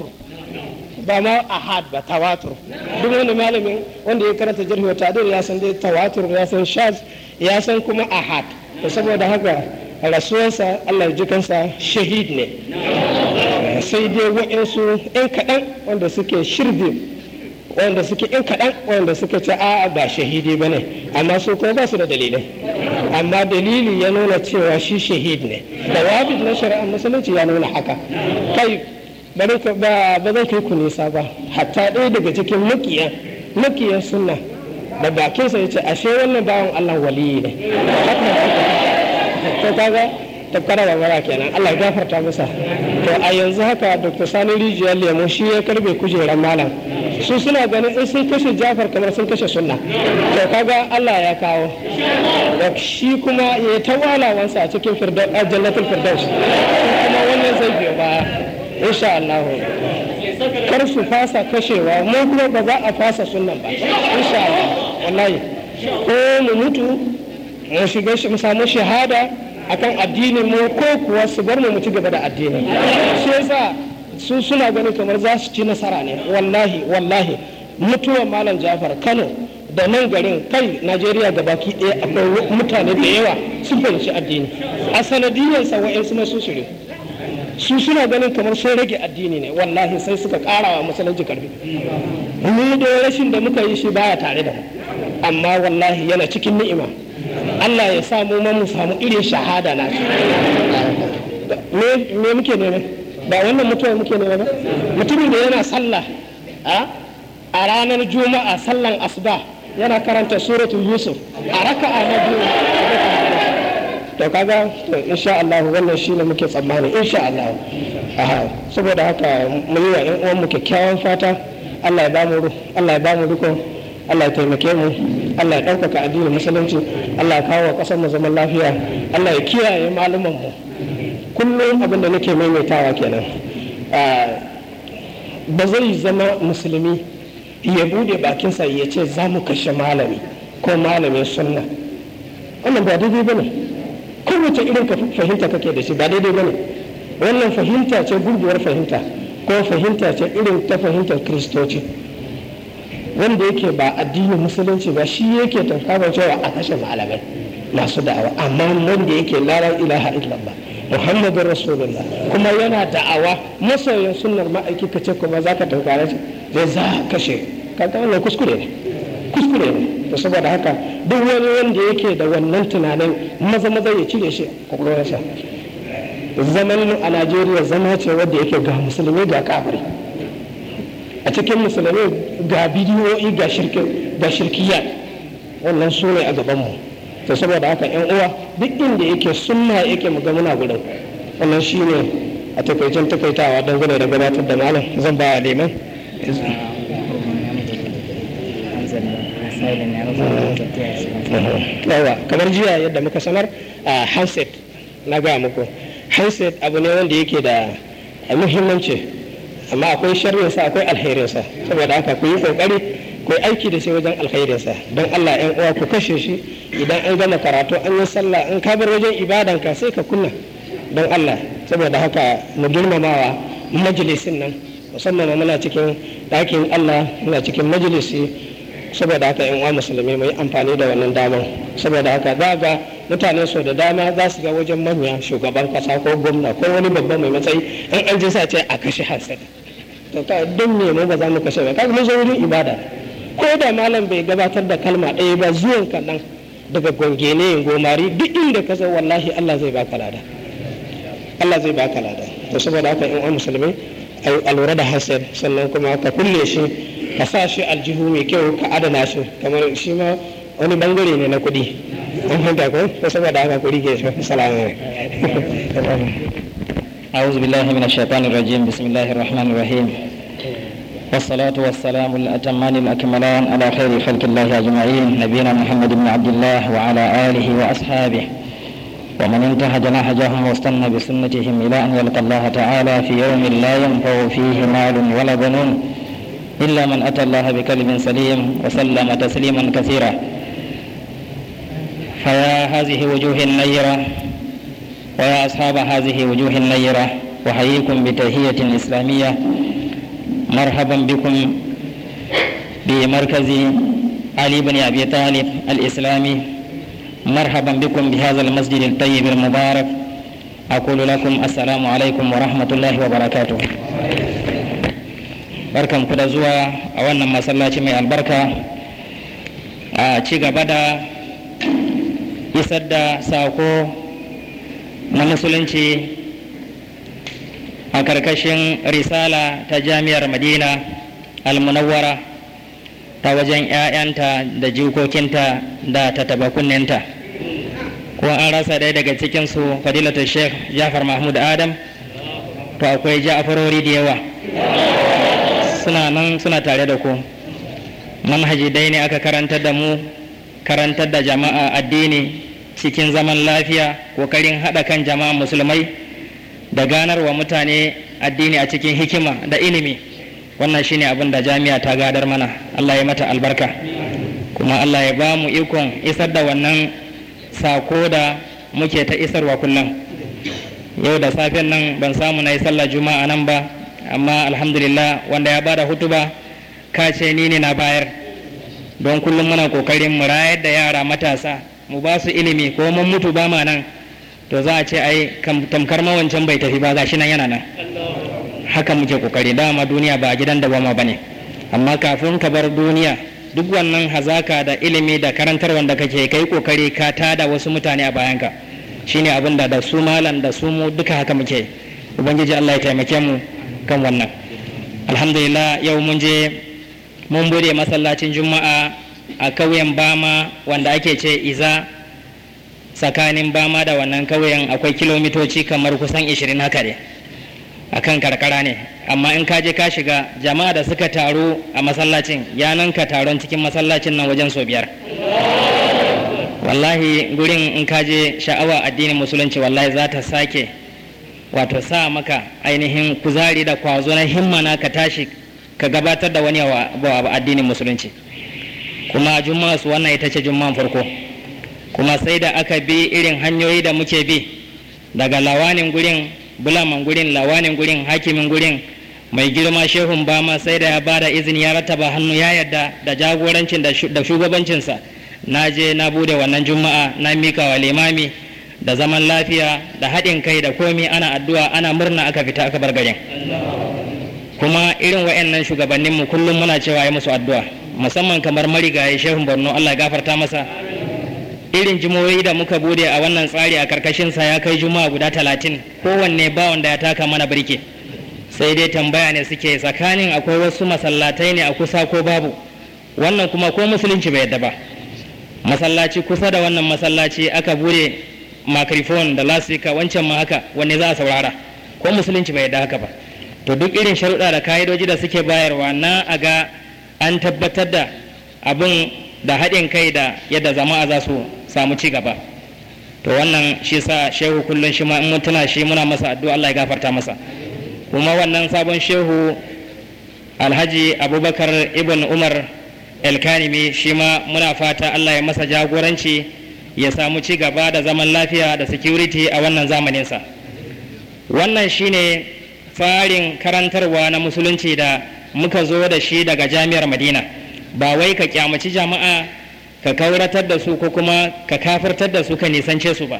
tawatur ba ma ahad ba tawatur duk wani malamin wanda ya karanta jirgin wata ya san dai tawatur ya san shaz ya san kuma ahad da saboda haka rasuwarsa allah jikansa shahid ne sai dai wa'insu in kaɗan wanda suke shirbi wanda suke in kaɗan wanda suka ce a ba shahidi ba ne amma su kuma ba su da dalilai amma dalili ya nuna cewa shi shahid ne da wabi na shari'ar musulunci ya nuna haka kai ba zai kai ku nisa ba hatta ɗaya daga cikin makiyan makiyan sunna da bakin ya ce ashe wannan bawan Allah wali ne to kaga ta da mara kenan Allah ya gafarta masa to a yanzu haka Dr. Sani Rijiyar Lemo shi ya karbe kujerar malam su suna ganin in sun kashe Jafar kamar sun kashe sunna to kaga Allah ya kawo da shi kuma ya tawalawansa a cikin firdaus jannatul firdaus kuma wannan zai biyo baya insha Allah kar su fasa kashewa mu kuma ba za a fasa sunan ba insha Allah wallahi ko mu mutu mu shiga shi mu samu shahada akan addini mu ko kuwa su bar mu ci gaba da addini. shi yasa su suna ganin kamar za su ci nasara ne wallahi wallahi mutuwar malam Jafar Kano da nan garin kai Najeriya da baki ɗaya akwai mutane da yawa sun fahimci addini a sanadiyarsa wa'yansu masu shirin su suna ganin kamar sun rage addini ne wallahi sai suka kara wa musulunci karfi mu da rashin da muka yi shi baya tare da mu amma wallahi yana cikin ni'ima Allah ya samu mu mu samu irin shahada na shi. me muke nema ba wannan mutum muke nema ba mutumin da yana sallah a ranar juma'a sallan asuba yana karanta suratul yusuf a raka'a na biyu to kaga insha Allah wannan shine muke tsammani insha Allah aha saboda haka mu yi wa ƴan uwan mu kyakkyawan fata Allah ya bamu Allah ya mu riko Allah ya taimake mu Allah ya ɗaukaka addinin musulunci Allah ya kawo wa ƙasar mu zaman lafiya Allah ya kiyaye malaman mu kullum abin da nake maimaitawa kenan ah, ba zai zama musulmi ya bude bakinsa ya ce za mu kashe malami ko malamin sunna wannan ba daidai ba ne kowace irin fahimta kake da shi ba daidai bane wannan fahimta ce gurguwar fahimta ko fahimta ce irin ta fahimtar kiristoci wanda yake ba addinin musulunci ba shi yake tankaban cewa a kashe malamai masu da'awa amma wanda yake lara ilaha illallah muhammadu rasulullah kuma yana da'awa masoyin sunnar ma'aikika ce kuma za ka shi zai za kashe wannan kuskure ne kuskure ne to saboda haka duk wani wanda yake da wannan tunanin maza maza ya cire shi kwakwalwarsa zaman a najeriya zama ce wadda yake ga musulmi ga kabari a cikin musulmi ga bidiyoyi ga ga shirkiya wannan su ne a gabanmu to saboda haka yan uwa duk inda yake sunna yake mu ga muna gurin wannan shi ne a takaicin takaitawa dangane da gabatar da malam zan ba neman yawa kamar jiya yadda muka sanar a handset na gaya muku handset abu ne wanda yake da muhimmanci amma akwai sharrinsa akwai alherinsa saboda haka ku yi kokari ku yi aiki da shi wajen alherinsa don Allah yan uwa ku kashe shi idan an gama karatu an yi sallah an kabar wajen ibadan ka sai ka kunna don Allah saboda haka mu girmamawa majalisin nan musamman muna cikin ɗakin Allah muna cikin majalisi saboda haka yan uwa musulmi mai amfani da wannan damar saboda haka za ga mutane su da dama za su ga wajen manya shugaban kasa ko gwamna ko wani babban mai matsayi an an jinsa ce a kashe hasad to ka don me mu ba za mu kashe ba kaga mun zo wurin ibada ko da malam bai gabatar da kalma ɗaya ba zuwan ka nan daga gwangene gomari duk inda ka zo wallahi Allah zai baka lada Allah zai baka lada to saboda haka yan uwa musulmi a lura da hasad sannan kuma ka kulle shi kasashe aljihu mai kyau ka adana su kamar shi ma wani bangare ne na kudi an hanta ko ko saboda haka kudi ke shi salamu أعوذ بالله من الشيطان الرجيم بسم الله الرحمن الرحيم والصلاة والسلام الأتمان الأكملان على خير خلق الله أجمعين نبينا محمد بن عبد الله وعلى آله وأصحابه ومن جناح نهجهم واستنى بسنتهم إلى أن يلقى الله تعالى في يوم لا ينفع فيه مال ولا بنون إلا من أتى الله بكلم سليم وسلم تسليما كثيرا فيا هذه وجوه النيرة ويا أصحاب هذه وجوه النيرة أحييكم بتهية إسلامية مرحبا بكم بمركز علي بن أبي طالب الإسلامي مرحبا بكم بهذا المسجد الطيب المبارك أقول لكم السلام عليكم ورحمة الله وبركاته barkan ku da zuwa a wannan masallaci mai albarka a ci gaba da isar da sako na musulunci a karkashin risala ta jami'ar madina almunawwara ta wajen 'ya'yanta da jikokinta da tattabakunninta ko an rasa ɗaya daga cikinsu fadilatul sheikh jafar mahmud adam to akwai ja'afarori da yawa suna nan suna tare da ku manhaji dai ne aka karantar da mu karantar da jama'a addini cikin zaman lafiya kokarin haɗa kan jama'a musulmai da ganarwa mutane addini a cikin hikima da ilimi wannan shine abin da jami'a ta gadar mana allah ya mata albarka kuma allah ya ba mu ikon isar da wannan sako da muke ta isarwa kullum yau da safen nan ban samu na yi sallar juma'a nan ba amma alhamdulillah wanda ya bada hutuba ce ni ne na bayar don kullum muna kokarin mu rayar da yara matasa mu ba su ilimi ko mun mutu ba ma nan to za a ce ai tamkar wancan bai tafi ba gashi nan yana nan haka muke kokari dama duniya ba gidan da ba bane amma kafin ka bar duniya duk wannan hazaka da ilimi da karantar wanda kake kai kokari ka tada wasu mutane a bayanka shine abin da da su malam da su mu duka haka muke ubangiji Allah ya taimake mu kan wannan alhamdulillah yau mun je mun bude masallacin juma'a a kauyen bama wanda ake ce iza tsakanin bama da wannan kauyen akwai kilomitoci kamar kusan 20 haka ne a kan karkara ne amma in ka je ka shiga jama'a da suka taru a masallacin ya ka taron cikin masallacin nan wajen so biyar wallahi gurin in ka je sha'awa addinin musulunci wallahi za ta sake wato sa maka ainihin kuzari da kwazo na himma na ka tashi ka gabatar da wani abu addinin musulunci kuma juma'a su wannan ita ce juma farko kuma sai da aka bi irin hanyoyi da muke bi daga lawanin gurin bulaman gurin lawanin gurin hakimin gurin mai girma shehun ba ma sai da ya ba da izini ya rattaba hannu ya yarda da jagorancin da shugabancinsa na je na bude wannan juma'a na mika wa limami da zaman lafiya da haɗin kai da komi ana addu'a ana murna aka fita aka bar garin kuma irin wa'annan shugabannin mu kullum muna cewa ya musu addu'a musamman kamar marigayi shehun borno allah gafarta masa irin jimoyoyi da muka bude a wannan tsari a sa ya kai juma'a guda talatin kowanne ba wanda ya taka mana birki sai dai tambaya ne suke tsakanin akwai wasu masallatai ne a kusa ko babu wannan kuma ko musulunci bai yadda ba masallaci kusa da wannan masallaci aka bude makarifon da lasika wancan ma haka wanne za a saurara ko musulunci bai yarda haka ba to duk irin sharuɗa da ka'idoji da suke bayarwa na a ga an tabbatar da abin da haɗin kai da yadda jama'a za su samu ci gaba to wannan shi sa shehu kullum shi ma in mun tuna shi muna masa addu'a Allah ya gafarta masa kuma wannan sabon shehu alhaji abubakar ibn umar elkanimi shi ma muna fata Allah ya masa jagoranci ya samu ci gaba da zaman lafiya da security a wannan zamaninsa wannan shine farin karantarwa na musulunci da muka zo da shi daga jami'ar madina ba wai ka kyamaci jama'a ka kauratar da su ko kuma ka kafirtar da su ka nisance su ba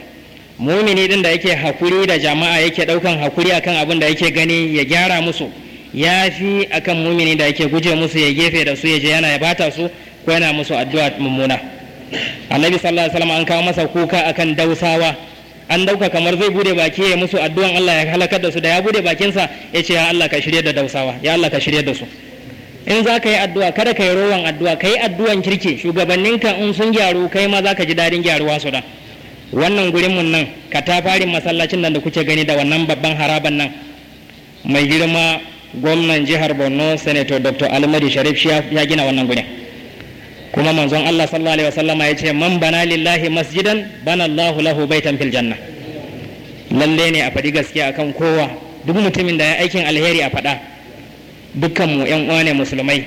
mumini din da yake hakuri da jama'a yake daukan hakuri akan abin da yake gani ya gyara musu ya fi akan mumini da yake guje musu ya gefe da su ya je yana ya bata su ko yana musu addu'a mummuna annabi sallallahu alaihi wasallam an kawo masa kuka akan dausawa an dauka kamar zai bude baki ya musu addu'an Allah ya halakar da su da ya bude bakinsa ya ce ya Allah ka shirye da dausawa ya Allah ka shirye da su in za ka yi addu'a kada ka yi rowan addu'a ka yi addu'an kirki shugabannin ka in sun gyaru kai ma za ka ji dadin gyaruwa su da wannan gurin mun nan ka tafarin masallacin nan da kuke gani da wannan babban haraban nan mai girma gwamnan jihar borno senator dr alimadi sharif ya gina wannan gurin kuma manzon Allah sallallahu alaihi wasallama ya ce man bana lillahi masjidan bana Allahu lahu baitan fil janna lalle ne a faɗi gaskiya akan kowa duk mutumin da ya aikin alheri a faɗa dukkan mu ƴan uwa ne musulmai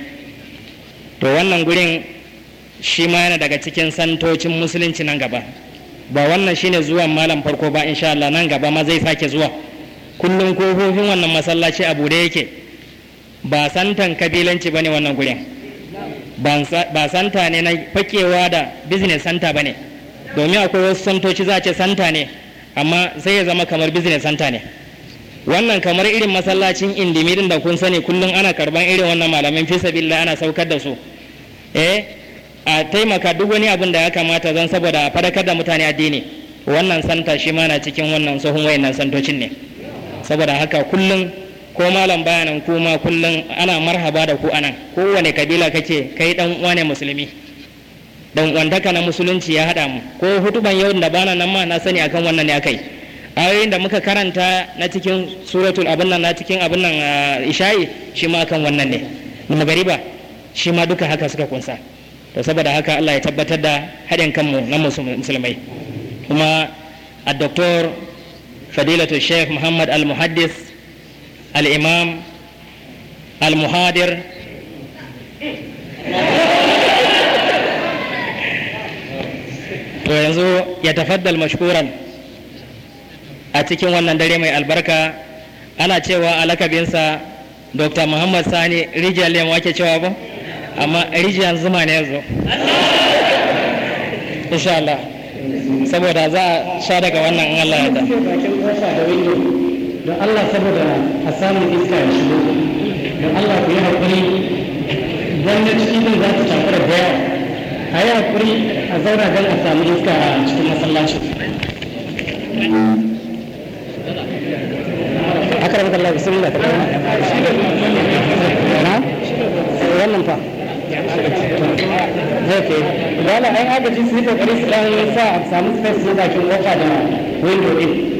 to wannan gurin shi ma yana daga cikin santocin musulunci nan gaba ba wannan shine zuwan malam farko ba insha Allah nan gaba ma zai sake zuwa kullum kofofin wannan masallaci a bude yake ba santan kabilanci bane wannan gurin ba santa ne na fakewa da business santa ba ne domin akwai wasu santoci za a ce santa ne amma sai ya zama kamar business santa ne wannan kamar irin masallacin indimirin da kun sani kullum ana karban irin wannan malamin fi sabilla ana saukar da su eh a taimaka duk wani abin da ya kamata zan saboda a fadakar da mutane addini wannan santa shi ma na cikin wannan tsohon wayannan santocin ne saboda haka kullum ko malam bayanan kuma kullum ana marhaba da ku anan kowane kabila kake kai dan uwa ne musulmi dan uwantaka na musulunci ya hada mu ko hutuban yau da bana nan ma na sani akan wannan ne akai ayoyin da muka karanta na cikin suratul abin nan na cikin abin nan ah, isha'i shi ma akan wannan ne magariba shi ma duka haka suka kunsa to saboda haka Allah ya tabbatar da haɗin kanmu na musulmai kuma a ah, doktor fadilatu sheikh muhammad al-muhaddis Al'imam, al'muhadir, to yanzu ya tafaddal mashkuran a cikin wannan dare mai albarka ana cewa alakabinsa dr muhammad sani rijiyar lemu ake cewa ba amma rijiyar zuma ne yanzu insha saboda za sha daga wannan Allah da don Allah saboda a samu iska ya shigo don Allah ku yi haƙuri wannan ciki din za ta tafi da yawa a yi haƙuri a zauna don a samu iska a cikin masallaci. akar wannan fa agaji su yi kokari su sa a samu space bakin kofa da window din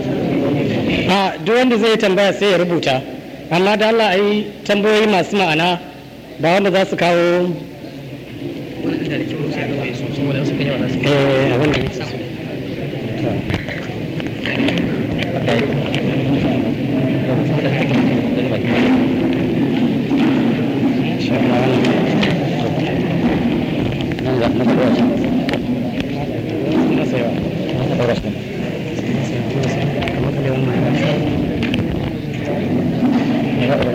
ha duk wanda zai tambaya sai ya rubuta amma da Allah ai tambayoyi masu ma'ana ba wanda za su kawo Gracias. Eh,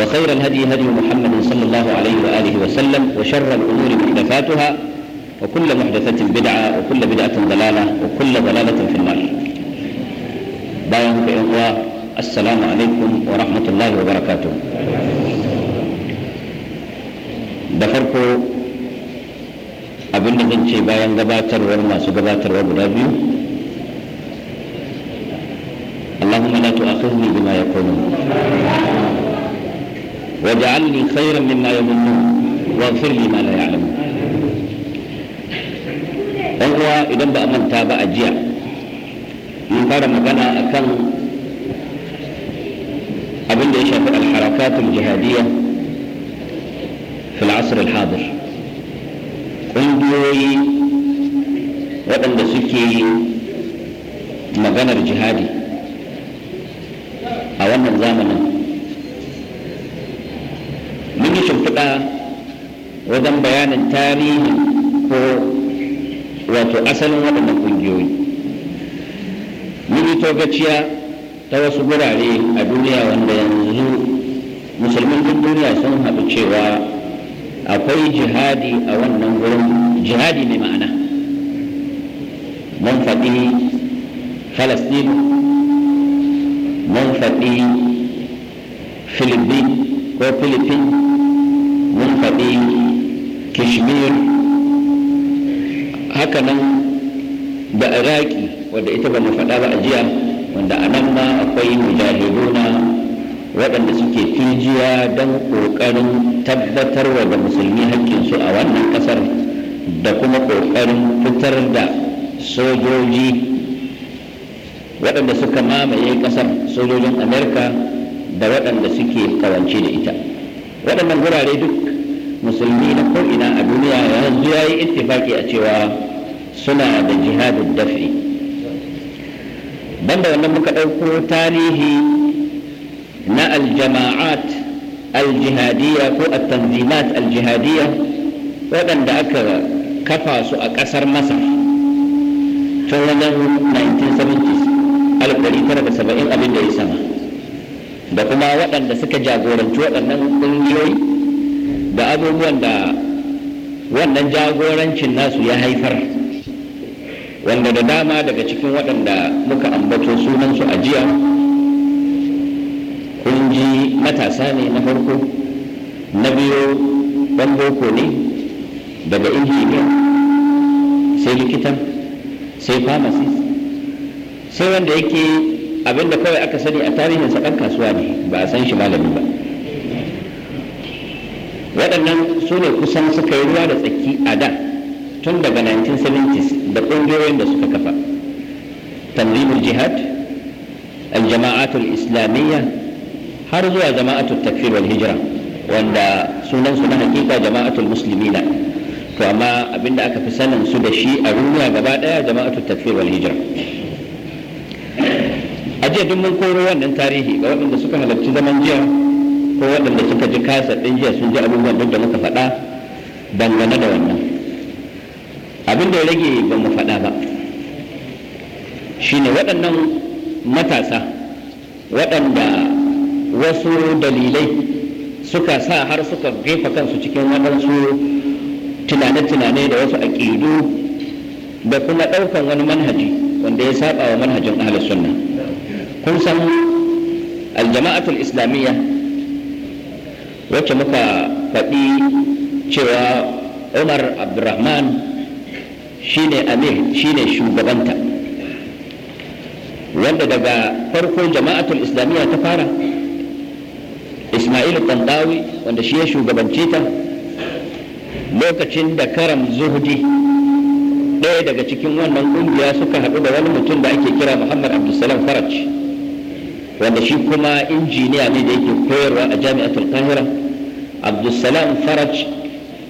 وخير الهدي هدي محمد صلى الله عليه وآله وسلم وشر الأمور محدثاتها وكل محدثة بدعة وكل بدعة ضلالة وكل ضلالة في النار بايعك الله السلام عليكم ورحمة الله وبركاته دفركو أبن abin da zan ورما bayan gabatarwar masu gabatarwa واجعلني خيرا مما يظنون واغفر لي ما لا يعلمون dan uwa idan ba a manta ba a jiya mun fara magana akan abin da ya shafi alharakatul jihadiyya fil asr al-hadir ƙungiyoyi waɗanda suke maganar jihadi a wannan zamanin القرآن ودم بيان التاريخ واتو أسل وقم كنجوي من توقتيا توسو براري الدنيا واندي ينزل مسلمين في الدنيا سنها بكشيوا أقوي جهادي أو ننظرم جهادي بمعنى منفقه فلسطين منفقه فلبين وفلبين mun faɗi kishmir hakanan da iraki wadda ita ba mu faɗa ba a jiya wanda a nan ma akwai mujahiduna waɗanda suke tijiya don ƙoƙarin tabbatarwa da musulmi haƙƙinsu a wannan ƙasar da kuma ƙoƙarin fitar da sojoji waɗanda suka mamaye ƙasar sojojin amurka da waɗanda suke kawance da ita waɗannan gurare duk musulmi na ko'ina a duniya yanzu ya yi ittifaki a cewa suna da jihadin dafi banda wannan muka ɗauko tarihi na aljama'at aljihadiyya ko tanzimat aljihadiyya waɗanda aka kafa su a ƙasar masar tun wajen 1970 abin da ya sama da kuma waɗanda suka jagoranci waɗannan ƙungiyoyi da abubuwan da wannan jagorancin nasu ya haifar wanda da dama daga cikin waɗanda muka ambato sunansu a jiya kun ji matasa ne na farko na biyu ɗan boko ne daga injiniya sai likita sai pharmacist sai wanda yake abinda kawai aka sani a tarihinsa ɗan kasuwa ne ba a san shi malami ba waɗannan su ne kusan suka yi ruwa da tsaki a da tun daga 1970s da ƙungiyoyin da suka kafa tanzimul jihad aljama'atul islamiyya har zuwa jama'atul takfir wal hijira wanda sunan su na hakika jama'atul muslimina to amma abinda aka fi sanin su da shi a duniya gaba daya jama'atul takfir wal hijira a jiya duk mun koro wannan tarihi ga waɗanda suka halarci zaman jiya ko waɗanda suka ji kasa ɗin jiya sun ji abubuwan duk da muka faɗa dangane da wannan abin da ya rage ba mu faɗa ba shine waɗannan matasa waɗanda wasu dalilai suka sa har suka gefa kansu cikin waɗansu tunane-tunane da wasu aƙidu da kuma ɗaukan wani manhaji wanda ya saba wa manhajin ahlus sunna kun san aljama'atul islamiyya wacce muka faɗi cewa umar abdurrahman shine amir shine shugabanta wanda daga farko jama'atul islamiyya ta fara Isma'il kandawi wanda shi ya shugabance ta lokacin da karam zuhudi, ɗaya daga cikin wannan ƙungiya suka haɗu da wani mutum da ake kira muhammad abdulsalam faraj wanda shi kuma injiniya ne da yake koyarwa a jami'atul kahira abdulsalam faraj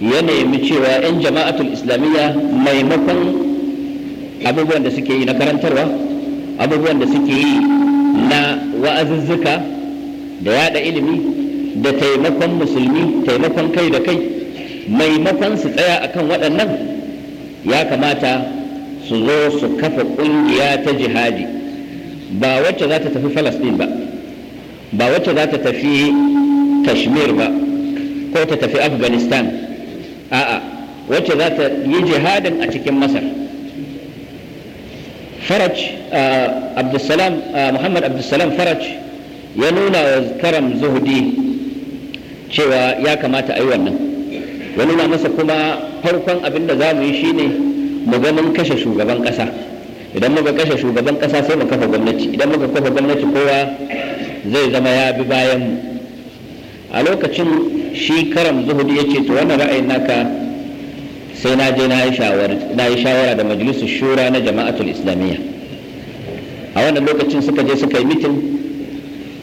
ya nemi cewa 'yan jama'atul islamiyya maimakon abubuwan da suke yi na karantarwa abubuwan da suke yi na wa'azuzzuka da yada ilimi da taimakon musulmi taimakon kai da kai maimakon su tsaya akan waɗannan ya kamata su zo su kafa ƙungiya ta jihadi ba wacce za ta tafi falasɗin ba ba wacce za ta tafi kashmir ba ko ta tafi afghanistan a'a wacce za ta yi jihadin a cikin masar faraj abdulsalam muhammad abdulsalam faraj ya nuna wa karam zuhudi cewa ya kamata a yi wannan ya nuna masa kuma farkon abin da za mu yi shine mu ganin kashe shugaban ƙasa idan muka kashe shugaban kasa sai mu kafa gwamnati idan muka kafa gwamnati kowa zai zama ya bi bayan a lokacin shi karam zuhudi ya ce to wannan ra'ayin naka sai na je na yi shawara da majalisar shura na jama'atul islamiyya a wannan lokacin suka je suka yi mitin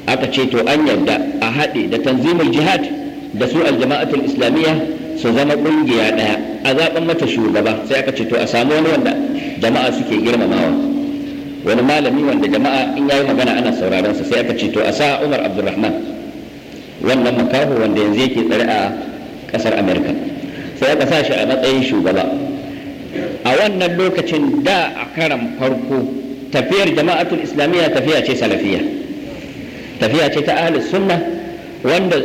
aka ce to an yarda a haɗe da tanzimul jihad da su aljama'atul islamiyya su zama ƙungiya ɗaya a zaɓen mata shugaba sai aka ce to a samu wani wanda jama'a suke girmamawa wani malami wanda jama'a in yayi magana ana sauraron sa sai aka ce to a sa Umar Abdulrahman wannan makaho wanda yanzu yake tsare a kasar America sai aka sa shi a matsayin shugaba a wannan lokacin da a karan farko tafiyar jama'atul islamiyya tafiya ce salafiya tafiya ce ta ahlus sunna wanda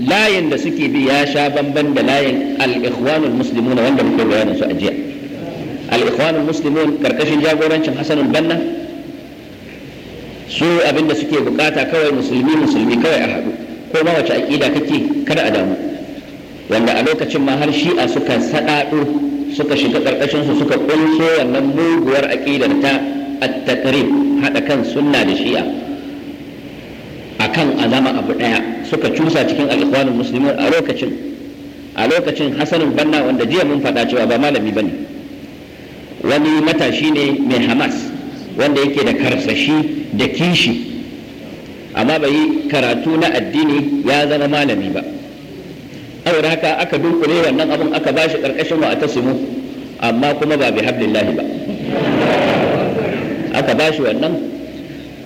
layin da suke bi ya sha bamban da layin al-ikhwanul muslimuna wanda muke bayanin su a jiya al-ikhwanul karkashin jagorancin Hassan banna su abinda suke bukata kawai musulmi musulmi kawai a haɗu ko ma wace aƙida kake kada a damu wanda a lokacin ma har shi'a suka saɗaɗo suka shiga ƙarƙashin su suka ƙunso wannan muguwar aƙidar ta at-taqrib haɗa kan sunna da shi'a akan azama abu ɗaya suka cusa cikin al-ikhwanul a lokacin a banna wanda jiya mun faɗa cewa ba malami bane wani matashi ne mai hamas wanda yake da karsashi da kishi amma bai yi karatu na addini ya zama malami ba saboda haka aka dunkule wannan abin aka ba shi karkashin wa tasimu amma kuma ba bi hablillahi ba aka ba shi wannan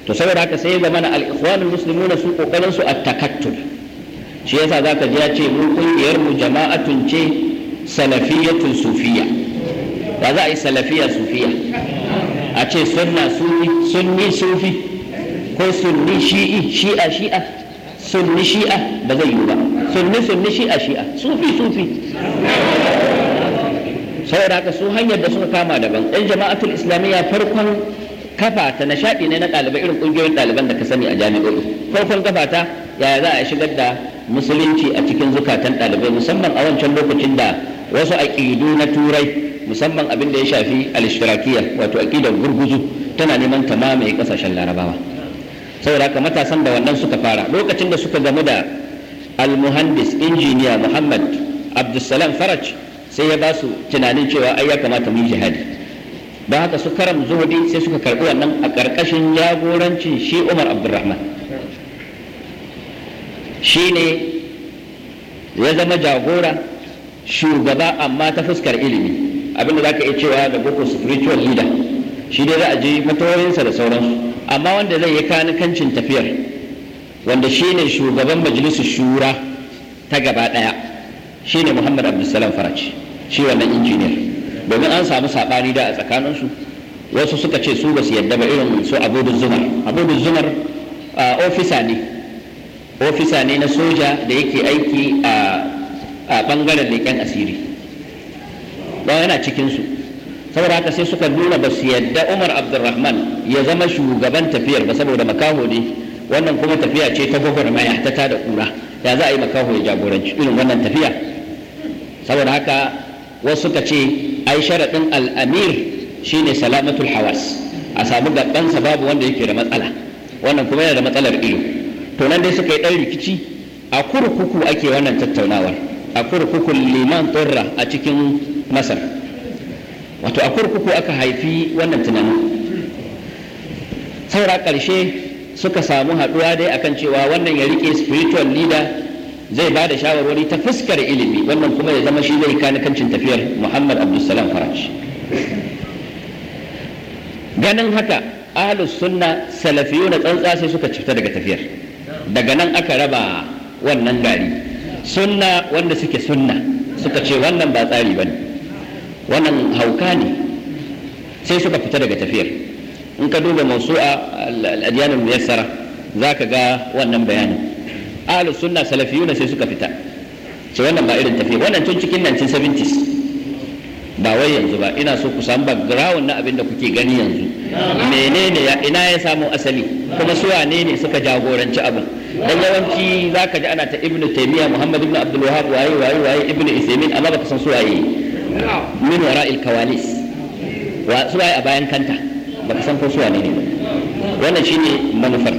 to saboda haka sai zama na al-ikhwanul muslimuna su ƙoƙarinsu su at-takattul shi yasa zaka ji ya ce mu kungiyar mu jama'atun ce salafiyatun sufiyya Ba za a yi salafiya sufiya a ce sunna sufi sunni sufi ko sunni shi'i shi'a shi'a sunni shi'a ba zai yi ba sunni sunni shi'a shi'a sufi sufi saboda haka su hanyar da suka kama daban ɗan jama'atul islamiyya farkon kafa ta nishaɗi ne na ɗalibai irin ƙungiyoyin ɗaliban da ka sani a jami'o'i farkon kafa ta yaya za a shigar da musulunci a cikin zukatan ɗalibai musamman a wancan lokacin da wasu aƙidu na turai musamman abin da ya shafi al wato aqidar gurguzu tana neman ta mamaye kasashen larabawa saboda haka matasan da wannan suka fara lokacin da suka gamu da al-muhandis injiniya Muhammad Abdulsalam Faraj sai ya ba su tunanin cewa ai ya kamata mu yi jihadi don haka su karam zuhudi sai suka karɓi wannan a ƙarƙashin jagorancin shi Umar Abdulrahman shi ne ya zama jagora shugaba amma ta fuskar ilimi abinda za ka iya cewa da boko spiritual leader shi dai za a je matawarinsa da sauransu amma wanda zai yi kancin tafiyar wanda shi ne shugaban majalisar shura ta gaba daya shi ne muhammad abdulsalam faraci shi wannan injiniyar domin an samu saɓani da a tsakaninsu wasu suka ce su ba su yadda ba irin su abudu zumar abudu zumar ofisa ne ofisa ne na soja da yake aiki a ɓangaren leƙen asiri ba yana cikinsu saboda haka sai suka nuna ba su yadda umar abdulrahman ya zama shugaban tafiyar ba saboda makaho ne wannan kuma tafiya ce ta gwagwarmaya ta tada kura ya za a yi makaho ya jagoranci irin wannan tafiya saboda haka wasu suka ce ai sharaɗin al'amir shine salamatul hawas a samu gaɓansa babu wanda yake da matsala wannan kuma yana da matsalar ido to nan dai suka yi ɗan rikici a kurkuku ake wannan tattaunawar a kurkukun liman turra a cikin masar wato a kurkuku aka haifi wannan tunanin saura ƙarshe suka samu haɗuwa dai akan cewa wannan ya rike spiritual leader zai ba da shawarwari ta fuskar ilimi wannan kuma ya zama shi zai kani kancin tafiyar muhammad abdulsalam faraj ganin haka ahlus sunna salafiyu na tsantsa sai suka cifta daga tafiyar daga nan aka raba wannan gari sunna wanda suke sunna suka ce wannan ba tsari ba ne wannan hauka ne sai suka fita daga tafiyar in ka duba masu a al'adiyanin al za ka ga wannan bayanin ahlus sunna salafiyuna sai suka fita ce wannan ba irin tafiyar wannan tun cikin 1970s ba wai yanzu ba ina so ku samu background na abin da kuke gani yanzu menene ya ina ya samu asali kuma su wane ne suka jagoranci abin dan yawanci zaka ji ana ta ibnu taymiya muhammad ibnu abdul wahhab waye waye waye ibnu isaimin amma baka san su waye min wara'il kawalis wa su a bayan kanta ka san ko su ne wannan shine manufar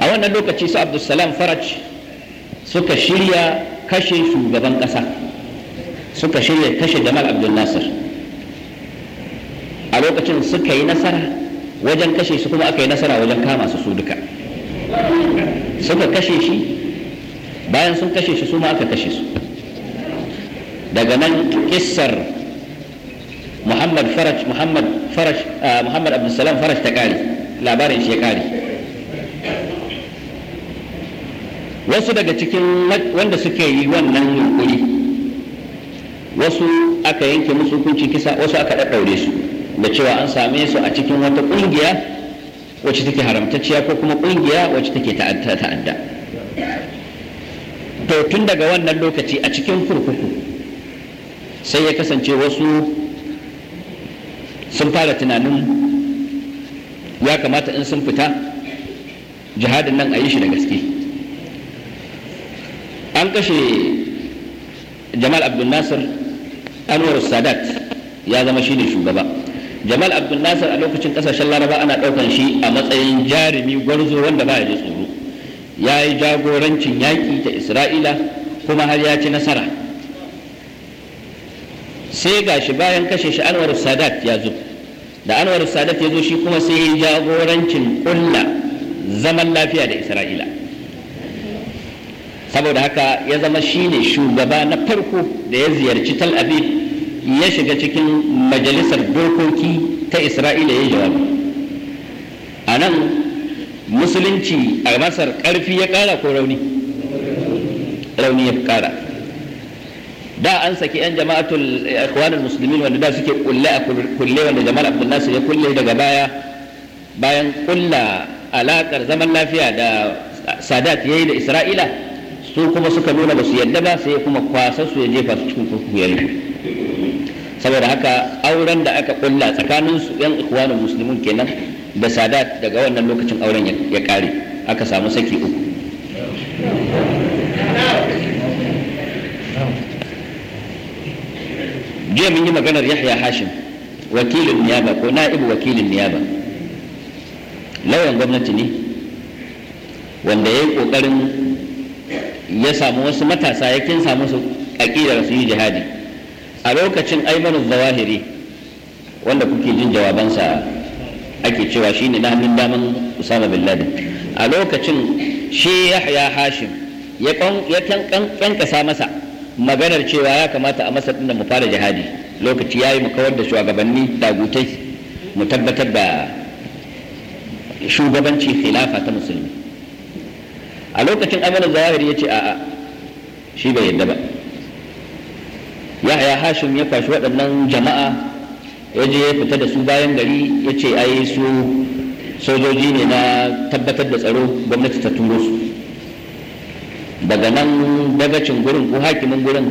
a wannan lokaci su abdulsalam faraj suka shirya kashe shugaban ƙasa suka shirya kashe jamal abdul nasir a lokacin suka yi nasara wajen kashe su kuma aka yi nasara wajen kama su su duka suka kashe shi bayan sun kashe shi su ma aka kashe su daga nan kissar muhammad farash muhammad farash ah, muhammad abdulsalam farash ta kare labarin shi ya kare wasu daga cikin wanda suke yi wannan yunkuri wasu aka yanke musu hukunci kisa wasu aka daddaure su da cewa an same su a cikin wata kungiya wacce take haramtacciya ko kuma kungiya wacce take ta'adda to tun daga wannan lokaci a cikin kurkuku sai ya kasance wasu sun fara tunanin ya kamata in sun fita jihadin nan a yi shi da gaske an kashe jamal abdul nasir anwar sadat ya zama shine shugaba jamal abdul nasir a lokacin kasashen laraba ana daukan shi a matsayin jarumi gwarzo wanda ba ya ji tsoro ya yi jagorancin yaƙi ta isra'ila kuma har ya ci nasara sai ga shi bayan kashe shi anwar sadat ya zo da anwar sadat ya zo shi kuma sai ya jagorancin kulla zaman lafiya da isra'ila saboda haka ya zama shi ne shugaba na farko da ya ziyarci tal aviv ya shiga cikin majalisar dokoki ta isra'ila ya jawabi a nan musulunci a masar ƙarfi ya ƙara ko rauni rauni ya ƙara da an saki yan jama'atul eh, ikhwanul muslimin wanda da suke kulle a kulle wanda Jamal Abdul Nasir ya kulle daga baya bayan kulla alakar zaman lafiya da Sadat yayi da Isra'ila su kuma suka nuna ba su yadda ba sai kuma kwasa su ya jefa su cikin kurkuku saboda haka auren da aka kulla tsakanin su yan ikhwanul muslimin kenan da Sadat daga wannan lokacin auren ya kare aka samu saki uku jiya mun yi maganar yahya hashim wakilin niyaba ko na'ibu wakilin niyaba lauyan gwamnati ne wanda ya yi kokarin ya samu wasu matasa ya kin samu su aƙidar su yi jihadi a lokacin aimanin zawahiri wanda kuke jin jawabansa ake cewa shine na hannun daman usama bin ladin a lokacin shi yahya hashim ya kyankasa masa maganar cewa ya kamata a masar da mu fara jihadi lokaci ya yi mu kawar da shugabanni dagutai mu tabbatar da shugabanci khilafa ta musulmi a lokacin amina zahiri ya ce a'a shi bai yadda ba Yahaya hashim ya kwashi waɗannan jama'a ya je ya fita da su bayan gari ya ce ai su sojoji ne na tabbatar da tsaro gwamnati ta turo su daga nan dagacin gurin ko hakimin gurin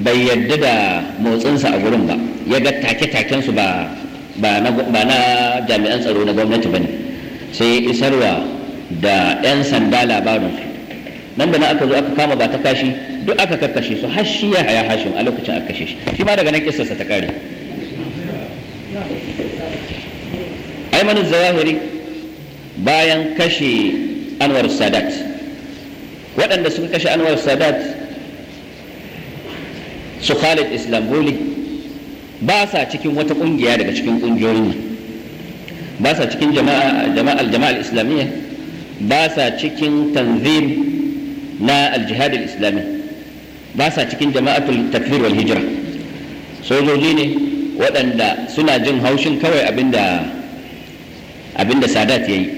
bai yarda da motsinsa a gurin ba ya ga take-takensu ba ba na jami'an tsaro na gwamnati ba ne sai isarwa da 'yan sanda labarin nan da na aka zo aka kama ba ta kashi duk aka karkashe su har shi ya haya hashin a lokacin aka kashe shi shi ma daga nan kisarsa ta kare aimanin zawahiri bayan kashe anwar sadat waɗanda sun kashe anwar sadat su khalid islamboli ba sa cikin wata ƙungiya daga cikin ƙungiyoyin nan ba sa cikin jama'al jama'al islamiyya ba sa cikin tanzim na aljihad islami ba sa cikin jama'atul takfir wal hijira sojoji ne waɗanda suna jin haushin kawai abinda abinda sadat ya yi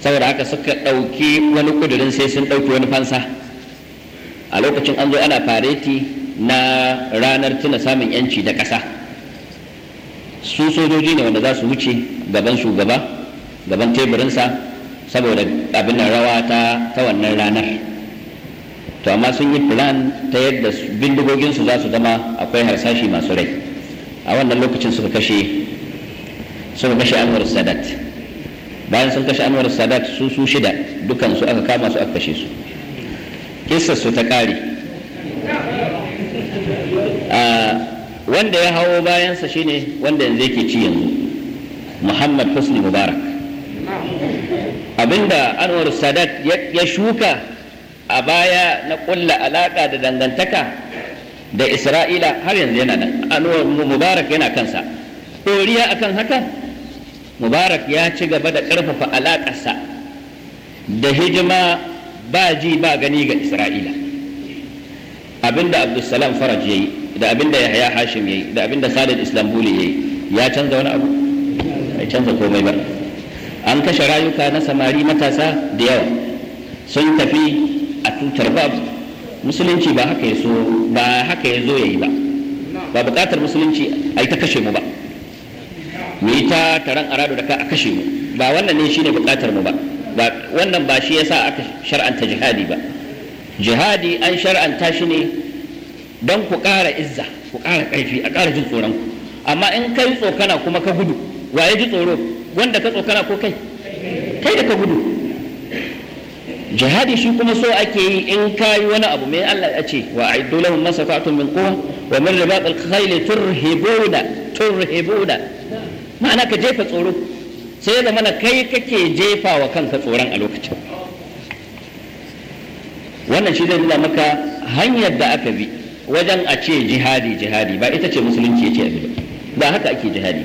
saboda haka suka ɗauki wani ƙudurin sai sun ɗauki wani fansa a lokacin an zo ana fareti na ranar tuna samun yanci da ƙasa su sojoji ne wanda za su wuce gaban shugaba gaban teburinsa saboda abin rawa ta ta wannan ranar to amma sun yi plan ta yadda bindigoginsu za su zama akwai harsashi masu rai a wannan lokacin suka kashe suka kashe anwar sadat bayan sun kashe anwar sadat su su shida dukan su aka kama su aka kashe su kissar su ta kare ah, wanda ya hawo bayansa shine wanda yanzu yake ci yanzu muhammad husni mubarak abinda anwar sadat ya shuka a baya na kulla alaka da dangantaka da isra'ila har yanzu yana nan anwar mubarak yana kansa koriya akan haka mubarak ya ci gaba da ƙarfafa alaƙarsa da hijima ba ji ba gani ga isra'ila abinda abdulsalam faraj ya yi da abinda yahya hashim ya yi da abinda salid islambuli ya yi ya canza wani abu ya canza komai ba an kashe rayuka na samari matasa da yawa sun tafi a tutar babu musulunci ba haka ya zo ya yi ba ba buƙatar musulunci a yi ta kashe mu ba mu yi ta taron aradu da ka a kashe mu ba wannan ne shi ne bukatar mu ba wannan ba shi yasa aka shar'anta jihadi ba jihadi an shar'anta shi ne don ku ƙara izza ku ƙara ƙarfi a ƙara jin tsoron ku amma in kai tsokana kuma ka gudu wa ya ji tsoro wanda ka tsokana ko kai kai da ka gudu jihadi shi kuma so ake yi in ka yi wani abu mai Allah ya ce wa aiddu lahum masafatun min quwwa wa min ribatil khayli turhibuna turhibuna ma'ana ka jefa tsoro sai da mana kai kake jefa wa kanka tsoron a lokacin wannan shi zai nuna maka hanyar da aka bi wajen a ce jihadi jihadi ba ita ce musulunci ya ce a ba ba haka ake jihadi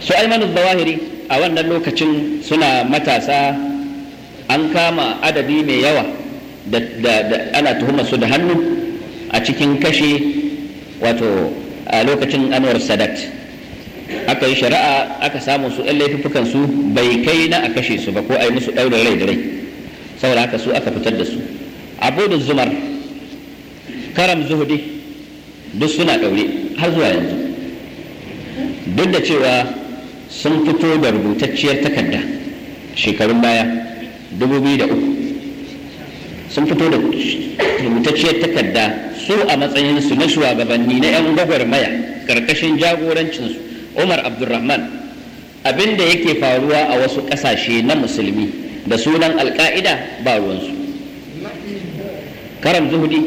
su aimanu wahiri a wannan lokacin suna matasa an kama adadi mai yawa da ana tuhumar su da hannu a cikin kashe wato a lokacin anwar sadat aka yi shari'a aka samu su ɗan laifukan su bai kai na a kashe su ba ko a yi musu ɗaurin rai da rai saboda haka su aka fitar da su abudu zumar karam zuhudi duk suna ɗaure har zuwa yanzu duk da cewa sun fito da rubutacciyar takarda shekarun baya 2003 sun fito da rubutacciyar takarda su a matsayinsu na shugabanni na 'yan gwagwarmaya ƙarƙashin jagorancinsu umar abdulrahman abin da yake faruwa a wasu ƙasashe na musulmi da sunan alka'ida ba ruwansu karam zuhudi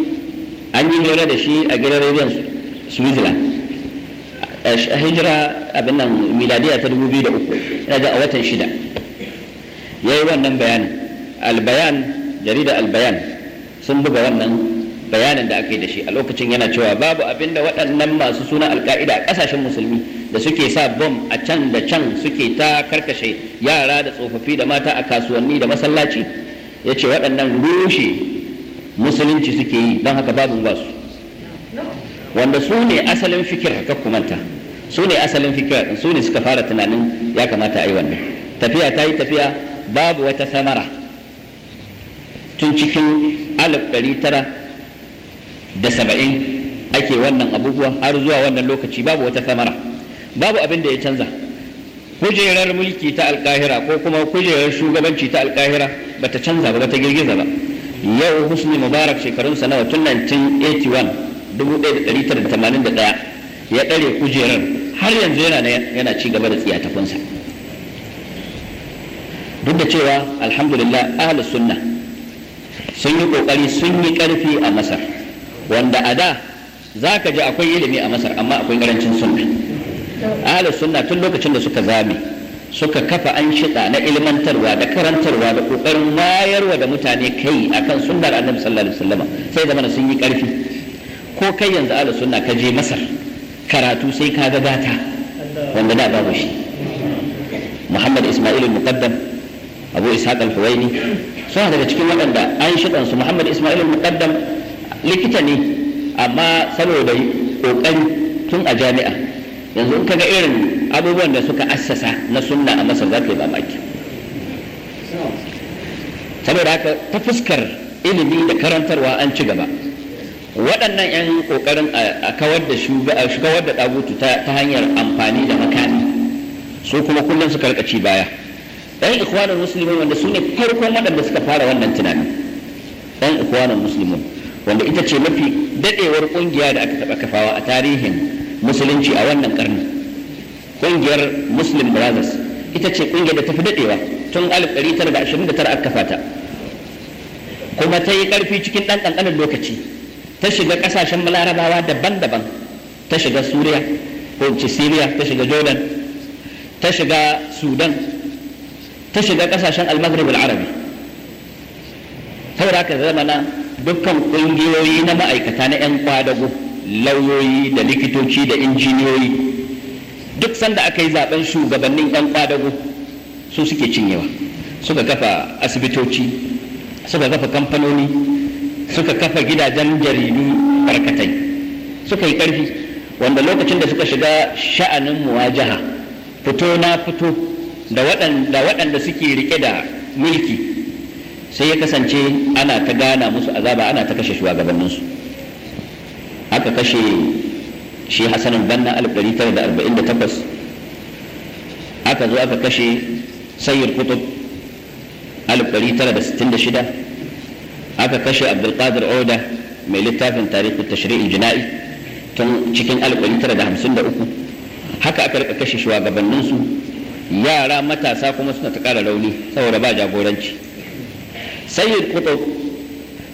an yi hira da shi a gidan rediyon switzerland hijira abin nan miladiya ta 2003 ina a watan shida ya yi wannan bayanin albayan jarida albayan sun buga wannan bayanin da aka yi da shi a lokacin yana cewa babu abin da waɗannan masu suna alka'ida a ƙasashen musulmi da suke sa bom a can da can suke ta karkashe yara da tsofaffi da mata a kasuwanni da masallaci ya ce waɗannan rushe musulunci suke yi don haka babu ba su wanda su ne asalin fikir ka kumanta su ne asalin fikir su ne suka fara tunanin ya kamata a yi wannan tafiya ta yi tafiya babu wata samara tun cikin alif ɗari tara da saba'in ake wannan abubuwa har zuwa wannan lokaci babu wata samara babu abin da ya canza kujerar mulki ta alkahira ko kuma kujerar shugabanci ta alkahira ta canza ba ta girgiza ba yau husni mubarak shekarunsa nawa tun 1981 1981 ya ɗare kujerar har yanzu yana yana ci gaba da tsiyatafinsa duk da cewa alhamdulillah ahlus sunna sun yi kokari sun yi karfi a masar wanda a da za ka ji akwai ilimi a masar amma akwai karancin sunna ahalar sunna tun lokacin da suka zame suka kafa an shida na ilmantarwa da karantarwa da kokarin wayarwa da mutane kai akan sunnar annabi sallallahu alaihi wasallam sai zamana sun yi karfi ko kai yanzu ahlus sunna ka je masar karatu sai ka ga data, wanda da babu shi muhammad isma'il muqaddam abu ishaq al-huwaini suna daga cikin waɗanda an shiɗan su muhammad ismail al-muqaddam likita ne amma saboda kokari tun a jami'a yanzu ka ga irin abubuwan da suka assasa na sunna a masar za ka yi mamaki saboda haka ta fuskar ilimi da karantarwa an ci gaba waɗannan 'yan ƙoƙarin a kawar da shugabar da ɗagutu ta hanyar amfani da makami su kuma kullum suka rikaci baya ɗan ikwanin musulmin wanda su ne farkon waɗanda suka fara wannan tunanin ɗan ikwanin musulmin wanda ita ce mafi daɗewar ƙungiya da aka taɓa kafawa a tarihin musulunci a wannan ƙarni ƙungiyar muslim brothers ita ce ƙungiyar da ta fi daɗewa tun 1929 aka kafa ta kuma ta yi ƙarfi cikin ɗan ƙanƙanin lokaci ta shiga ƙasashen malarabawa daban-daban ta shiga suriya ko ce siriya ta shiga jordan ta shiga sudan ta shiga kasashen al-maghrib al-arabi saboda haka na dukkan kungiyoyi na ma'aikata na 'yan kwadago lauyoyi da likitoci da injiniyoyi duk sanda aka yi zaben shugabannin 'yan kwadago su suke cinyewa suka kafa asibitoci suka kafa kamfanoni suka kafa gidajen jaridu barkatai suka yi karfi wanda lokacin da suka shiga sha'anin muwajaha fito na fito da waɗanda suke rike da mulki sai ya kasance ana ta gana musu azaba ana ta kashe shugabanninsu aka kashe shi hasanin banna 1948 aka zo aka kashe sayyid kutub 1966 aka kashe abdulkadir oda mai littafin tarihi tashri'in jina'i tun cikin 1953 haka aka rika kashe shugabanninsu yara matasa kuma suna ta ƙara rauni saboda ba jagoranci sayyid kutub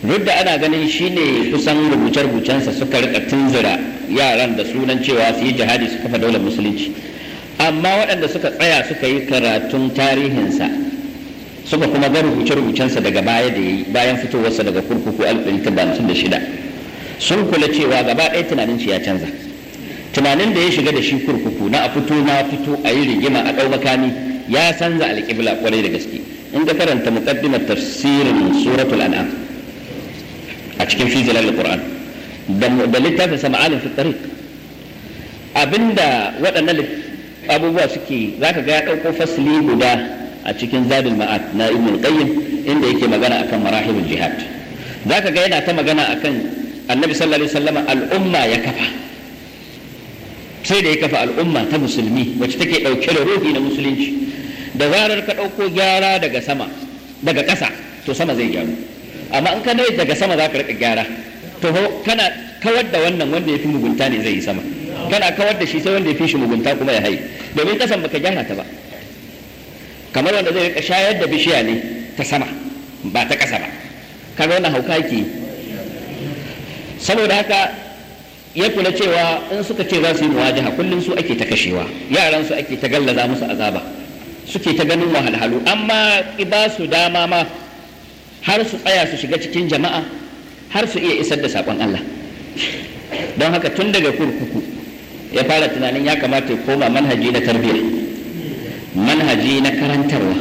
duk da ana ganin shine kusan rubuce-rubucensa suka rika tunzura yaran da sunan cewa su yi jihadi su kafa daular musulunci amma waɗanda suka tsaya suka yi karatun tarihinsa suka kuma ga rubuce-rubucensa daga baya da yi bayan fitowarsa daga kurkuku 1956 sun kula cewa gaba ɗaya tunanin shi ya canza tunanin da ya shiga da shi kurkuku na a fito na fito a yi rigima a ɗau makami ya san canza alƙibla kwarai da gaske in ka karanta muqaddimar tafsirin suratul an'am a cikin fi zilal qur'an da littafin sama'alin fi tariq abinda waɗannan abubuwa suke zaka ga ya ɗauko fasli guda a cikin zadul ma'at na ibn qayyim inda yake magana akan marahibul jihad zaka ga yana ta magana akan annabi sallallahu alaihi wasallama al'umma ya kafa sai da ya kafa al'umma ta musulmi wacce take ɗauke da ruhi na musulunci da zarar ka ɗauko gyara daga sama daga ƙasa to sama zai gyaru amma in ka nai daga sama za ka riƙa gyara to kana kawar da wannan wanda ya fi mugunta ne zai yi sama kana kawar da shi sai wanda ya fi shi mugunta kuma ya hai domin ƙasan baka gyara ta ba kamar wanda zai riƙa shayar da bishiya ne ta sama ba ta ƙasa ba kaga wannan hauka ke saboda haka ya kula cewa in suka ce za su yi muwajaha kullum su ake ta kashewa yaran su ake ta gallaza musu azaba suke ta ganin wahalhalu amma ba su dama ma har su tsaya su shiga cikin jama'a har su iya isar da sakon Allah don haka tun daga kurkuku ya fara tunanin ya kamata ya koma manhaji na tarbiyya manhaji na karantarwa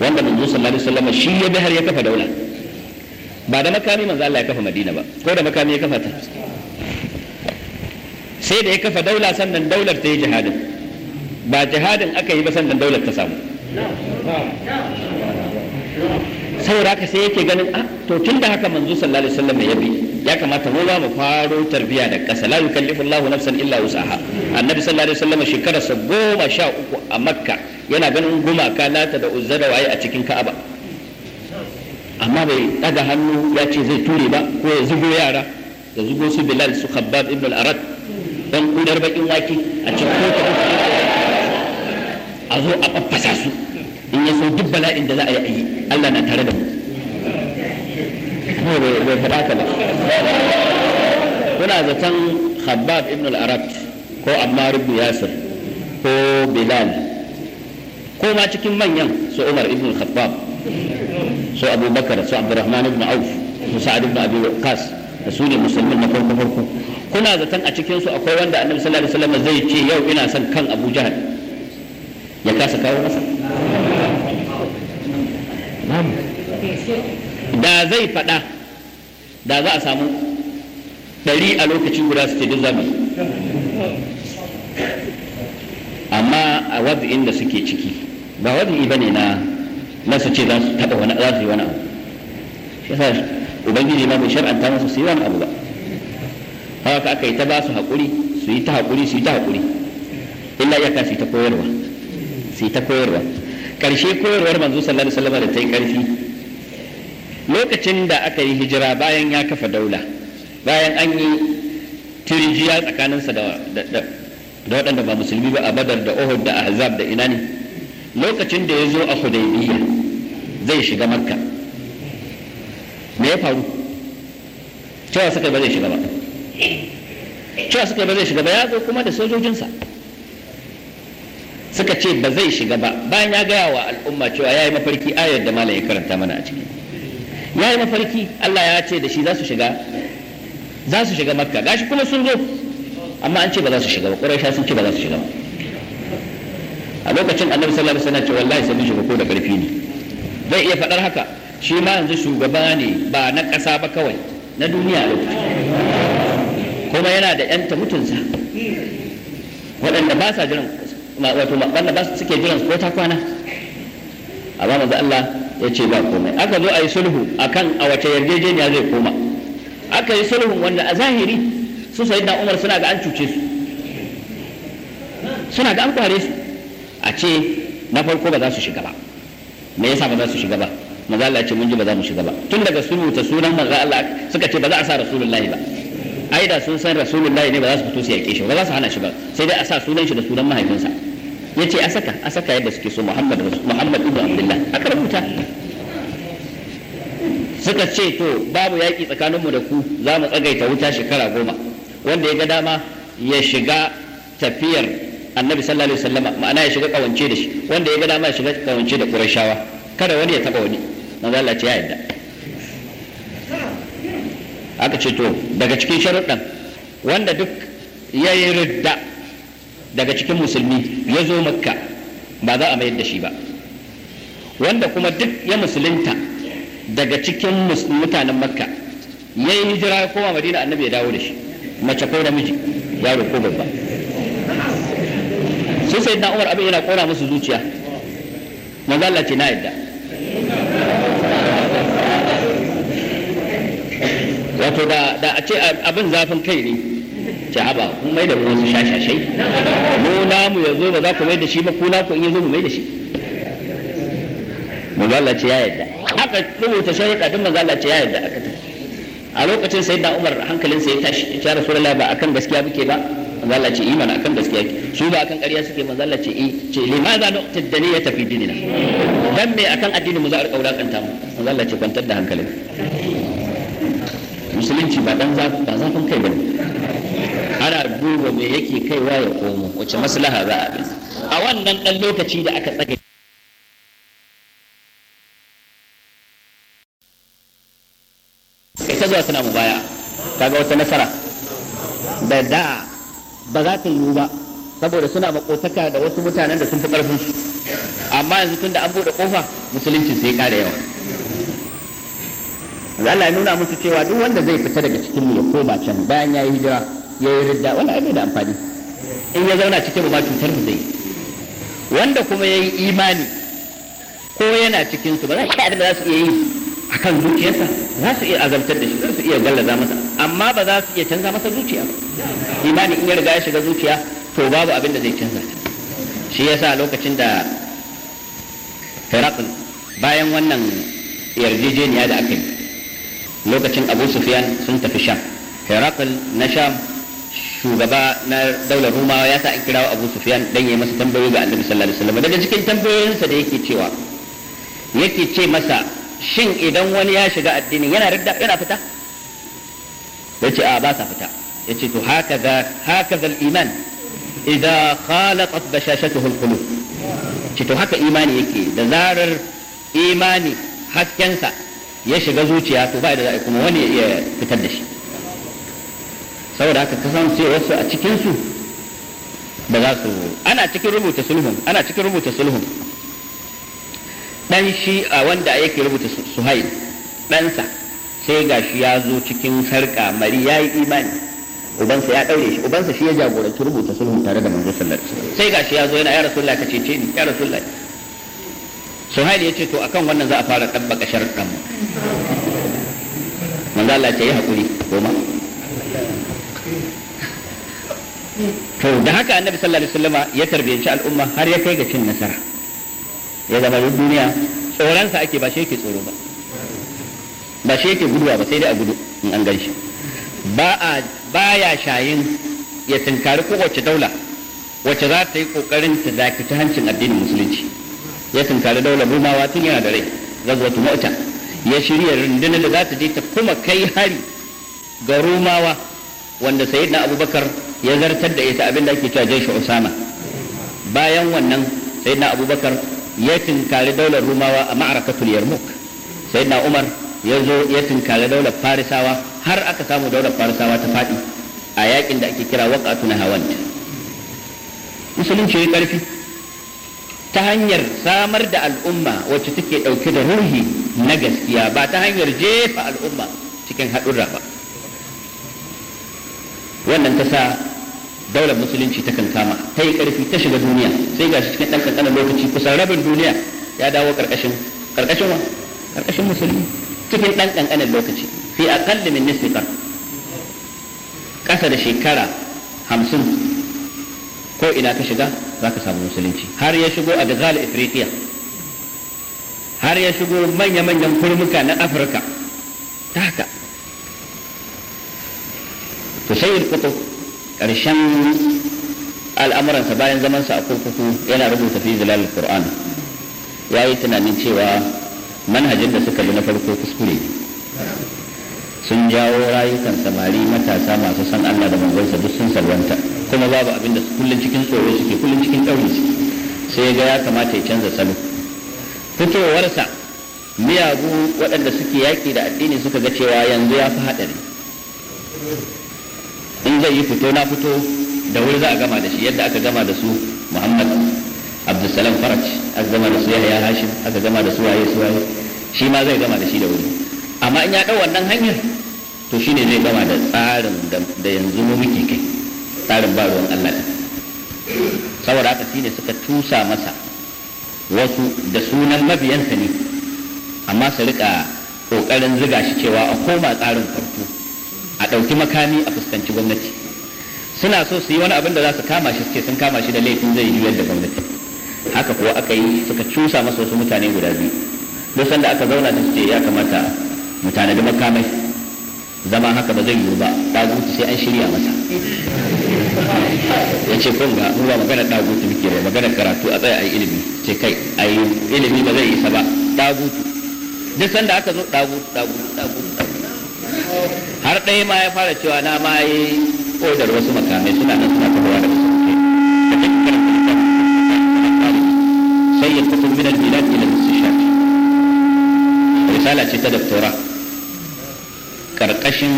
wanda manzo sallallahu alaihi wasallam shi ya bi har ya kafa daula ba da makami manzo Allah ya kafa Madina ba ko da makami ya kafa ta sai da ya kafa daula sannan daular ta yi jihadin ba jihadin aka yi ba sannan daular ta samu saboda haka sai yake ganin a ah, to tun da haka manzo sallallahu alaihi wasallam ya bi ya kamata mu ba mu faro tarbiya da ƙasa la yukallifu nafsan illa wusaha annabi sallallahu alaihi wasallam shekara sa goma sha uku a makka yana ganin gumaka nata da uzza da waye a cikin ka'aba amma bai daga hannu ya ce zai ture ba ko ya zubo yara da zubo su bilal su khabbab ibn al-arad dan kudar bakin wake a cikin ko a zo a babbasa su in ya so duk bala'in da za a yi a yi Allah na tare da mu bai faɗa ka kuna zaton Habab ibn al-Arab ko Ammar ibn Yasir ko Bilal ko ma cikin manyan su Umar ibn Khattab su abubakar su Abdurrahman ibn Auf su Sa'ad ibn Abi Waqqas da su ne musulmin na farko farko kuna zaton a cikin su akwai wanda annabi sallallahu alaihi wasallam zai ce yau ina son kan Abu Jahal ya kasa kawo masa da zai faɗa da za a samu ɗari a lokaci guda su ce duk zamu amma a wazi'in da suke ciki ba wazi'i bane na na su ce za su taɓa wani za su yi wani abu ubangiji ma bai shar'anta masa su yi wani abu ba haka aka yi ta ba su haƙuri su yi ta haƙuri su yi ta haƙuri illa iyaka su yi ta koyarwa su yi ta koyarwa ƙarshe koyarwar manzo sallallahu alaihi wasallam da ta yi ƙarfi lokacin da aka yi hijira bayan ya kafa daula bayan an yi tirjiya tsakaninsa da da waɗanda ba musulmi ba a badar da uhud da ahzab da ina ne lokacin da ya zo a hudaybiya zai shiga makka me ya faru cewa suka ba zai shiga ba cewa suka ba zai shiga ba ya zo kuma da sojojinsa suka ce ba zai shiga ba bayan ya gaya wa al'umma cewa ya yi mafarki ayar da malam ya karanta mana a ciki ya yi mafarki Allah ya ce da shi za su shiga za su shiga makka gashi kuma sun zo amma an ce ba za su shiga ba ƙuraisha sun ce ba za su shiga ba a lokacin annabi sallallahu alaihi wasallam ce wallahi sai mun shiga ko da ƙarfi ne zai iya faɗar haka shi ma yanzu shugaba ne ba na ƙasa ba kawai na duniya kuma yana da 'yan mutunsa waɗanda ba sa jiran wato waɗanda ba suke jiran ko ta kwana amma manzo Allah ya ce ba komai aka zo a yi sulhu a kan a wace yarjejeniya zai koma aka yi sulhu, wanda a zahiri su da Umar suna ga an cuce su suna ga an kware su a ce na farko ba za su shiga ba me yasa ba za su shiga ba maza Allah ce mun ji ba za mu shiga ba tun daga sunu ta sunan manzo Allah suka ce ba za a sa rasulullahi ba ai da sun san rasulullahi ne ba za su fito su yake shi ba za su hana shi ba sai dai a sa sunan shi da sunan mahaifinsa yace a saka a saka yadda suke so Muhammad Muhammad ibn Abdullah aka rubuta suka ce to babu yaƙi tsakaninmu da ku za mu tsagaita wuta shekara goma wanda ya ga dama ya shiga tafiyar annabi sallallahu alaihi wasallam ma'ana ya shiga kawance da shi wanda ya ga dama ya shiga kawance da ƙurashawa kada wani ya taba wani manzo Allah ce ya yadda aka ce to daga cikin sharuɗan wanda duk ya yi ridda daga cikin musulmi ya zo makka ba za a mayar da shi ba wanda kuma duk ya musulunta daga cikin mutanen makka ya yi hijira ya koma madina annabi ya dawo da shi mace ko namiji yaro ko babba sai sai na umar abin yana kora musu zuciya manzo Allah ce na yadda wato da a ce abin zafin kai ne ce haba kun mai da wasu shashashai mu namu zo ba za ku mai da shi ba Kuna ku in zo mu mai da shi mazala ce ya yarda haka rubuta sharuɗa duk manzo ce ya yarda aka tafi a lokacin sai da Umar hankalin ya tashi ya Rasulullah ba akan gaskiya muke ba mazala Allah ce eh a akan gaskiya su ba akan ƙarya suke mazala Allah ce eh ce limaza nuqta ya tafi dinina dan me akan addinin mu za a rika wulakanta mu mazala ce kwantar da hankalin musulunci ba dan zafin kai ba ana duba me yake kaiwa ya komo wace maslaha za a bi a wannan dan lokaci da aka tsaga ta zuwa suna baya kaga wata nasara da da ba za ta yiwu ba saboda suna makotaka da wasu mutanen da sun fi karfin amma yanzu tun da an bude kofa musulunci sai kare yawa Allah ya nuna musu cewa duk wanda zai fita daga cikin mu ya koma can bayan ya yi hijira ya yi ridda wani abin da amfani in ya zauna cikin mu ba cutar mu zai wanda kuma ya yi imani ko yana cikin su ba za shi da za su iya yi akan zuciyarsa za su iya azabtar da shi za su iya gallaza masa amma ba za su iya canza masa zuciya ba imani in ya riga ya shiga zuciya to babu abin da zai canza shi yasa lokacin da Herakl bayan wannan yarjejeniya da aka yi lokacin abu Sufiyan sun tafi sham herakl na sham shugaba na daular rumawa ya sa an kirawo abu Sufiyan dan ya masa tambayoyi ga annabi sallallahu alaihi wasallam daga cikin tambayoyinsa da yake cewa yake ce masa shin idan wani ya shiga addinin yana ridda yana fita ce a ba sa fita ya ce to hakaza hakaza iman idan khalaqat bashashatuhu alqulub ce to haka imani yake da zarar imani haskensa ya shiga zuciya to ba da za'a kuma wani ya fitar da shi saboda haka wasu a cikinsu ba za su ana cikin rubuta sulhun ana cikin rubuta sulhun dan shi a wanda yake rubuta suhail ɗansa sai gashi ya zo cikin sarƙa mari ya yi imani ubansa ya ɗaure shi ubansa shi ya jagoranci rubuta sulhun tare da manzo sallallahu alaihi sai gashi ya zo yana ya rasulullahi ka ce ni ya rasulullahi suhail ya ce to akan wannan za a fara tabbaka sharuɗan mu manzo Allah ce yi hakuri goma to da haka annabi sallallahu alaihi wasallama ya tarbiyanci al'umma har ya kai ga cin nasara ya zama duniya tsoronsa ake ba shi yake tsoro ba ba shi yake guduwa ba sai dai a gudu in an gan shi ba a baya shayin ya tunkari kowace daula wacce za ta yi kokarin ta ta hancin addinin musulunci ya tunkari daular rumawa tun yana da rai tu mota ya shirya rundunar da za ta je ta kuma kai hari ga rumawa wanda na abubakar ya zartar da ita abin da ake cewa jeshi usama bayan wannan na abubakar ya tunkari daular rumawa a ma'arakatul yarmouk na umar ya zo ya tunkari daular farisawa har aka samu daular farisawa ta faɗi a yakin da ake kira waƙatu na hawanta musulunci ya karfi ta hanyar samar da al'umma wacce take ɗauke da ruhi na gaskiya ba ta hanyar jefa al'umma cikin haɗurra ba wannan ta sa daular musulunci ta kankama ta yi ƙarfi ta shiga duniya sai shi cikin ɗan ƙanƙanin lokaci kusan rabin duniya ya dawo ƙarƙashin ƙarƙashin wa ƙarƙashin musulmi cikin ɗan ƙanƙanin lokaci fi a ƙalla min nisfiƙar ƙasa da shekara hamsin ko ina ka shiga za ka samu musulunci har ya shigo a gazala ifritiya har ya shigo manya-manyan kurmuka na afirka ta haka to ƙarshen al'amuransa bayan zamansa a kurkuku yana rubuta fi zilal qur'an ya yi tunanin cewa manhajin da suka bi na farko kuskure ne sun jawo rayukan samari matasa masu san Allah da mangansa duk sun salwanta kuma babu abin da kullum cikin tsoro suke kullum cikin ɗauri suke sai ga ya kamata ya canza salo fitowarsa miyagu waɗanda suke yaƙi da addini suka ga cewa yanzu ya fi haɗari in zai yi fito na fito da wuri za a gama da shi yadda aka gama da su muhammad abdulsalam faraj aka gama da su yahya hashim aka gama da su waye su waye shi ma zai gama da shi da wuri amma in ya ɗau wannan hanyar to shine zai gama da tsarin da yanzu mu muke kai tsarin ba ruwan Allah ne saboda haka shine suka tusa masa wasu da sunan mabiyansa ne amma su rika kokarin ziga shi cewa a koma tsarin farko a ɗauki makami a fuskanci gwamnati suna so su yi wani abin da za su kama shi suke sun kama shi da laifin zai yi da gwamnati haka kuwa aka yi suka cusa masa wasu mutane guda biyu duk sanda aka zauna da suke ya kamata mu tanadi makamai zama haka ba zai yiwu ba ɗagutu sai an shirya masa ya ce kun ga ba magana ɗagutu muke ba magana karatu a tsaye a yi ilimi ce kai a yi ilimi ba zai isa ba ɗagutu duk sanda aka zo ɗagutu ɗagutu ɗagutu har ɗaya ma ya fara cewa na ma yi odar wasu makamai suna nan suna kafawa da su sai ya fito minar al-bilad risala ce ta doktora karkashin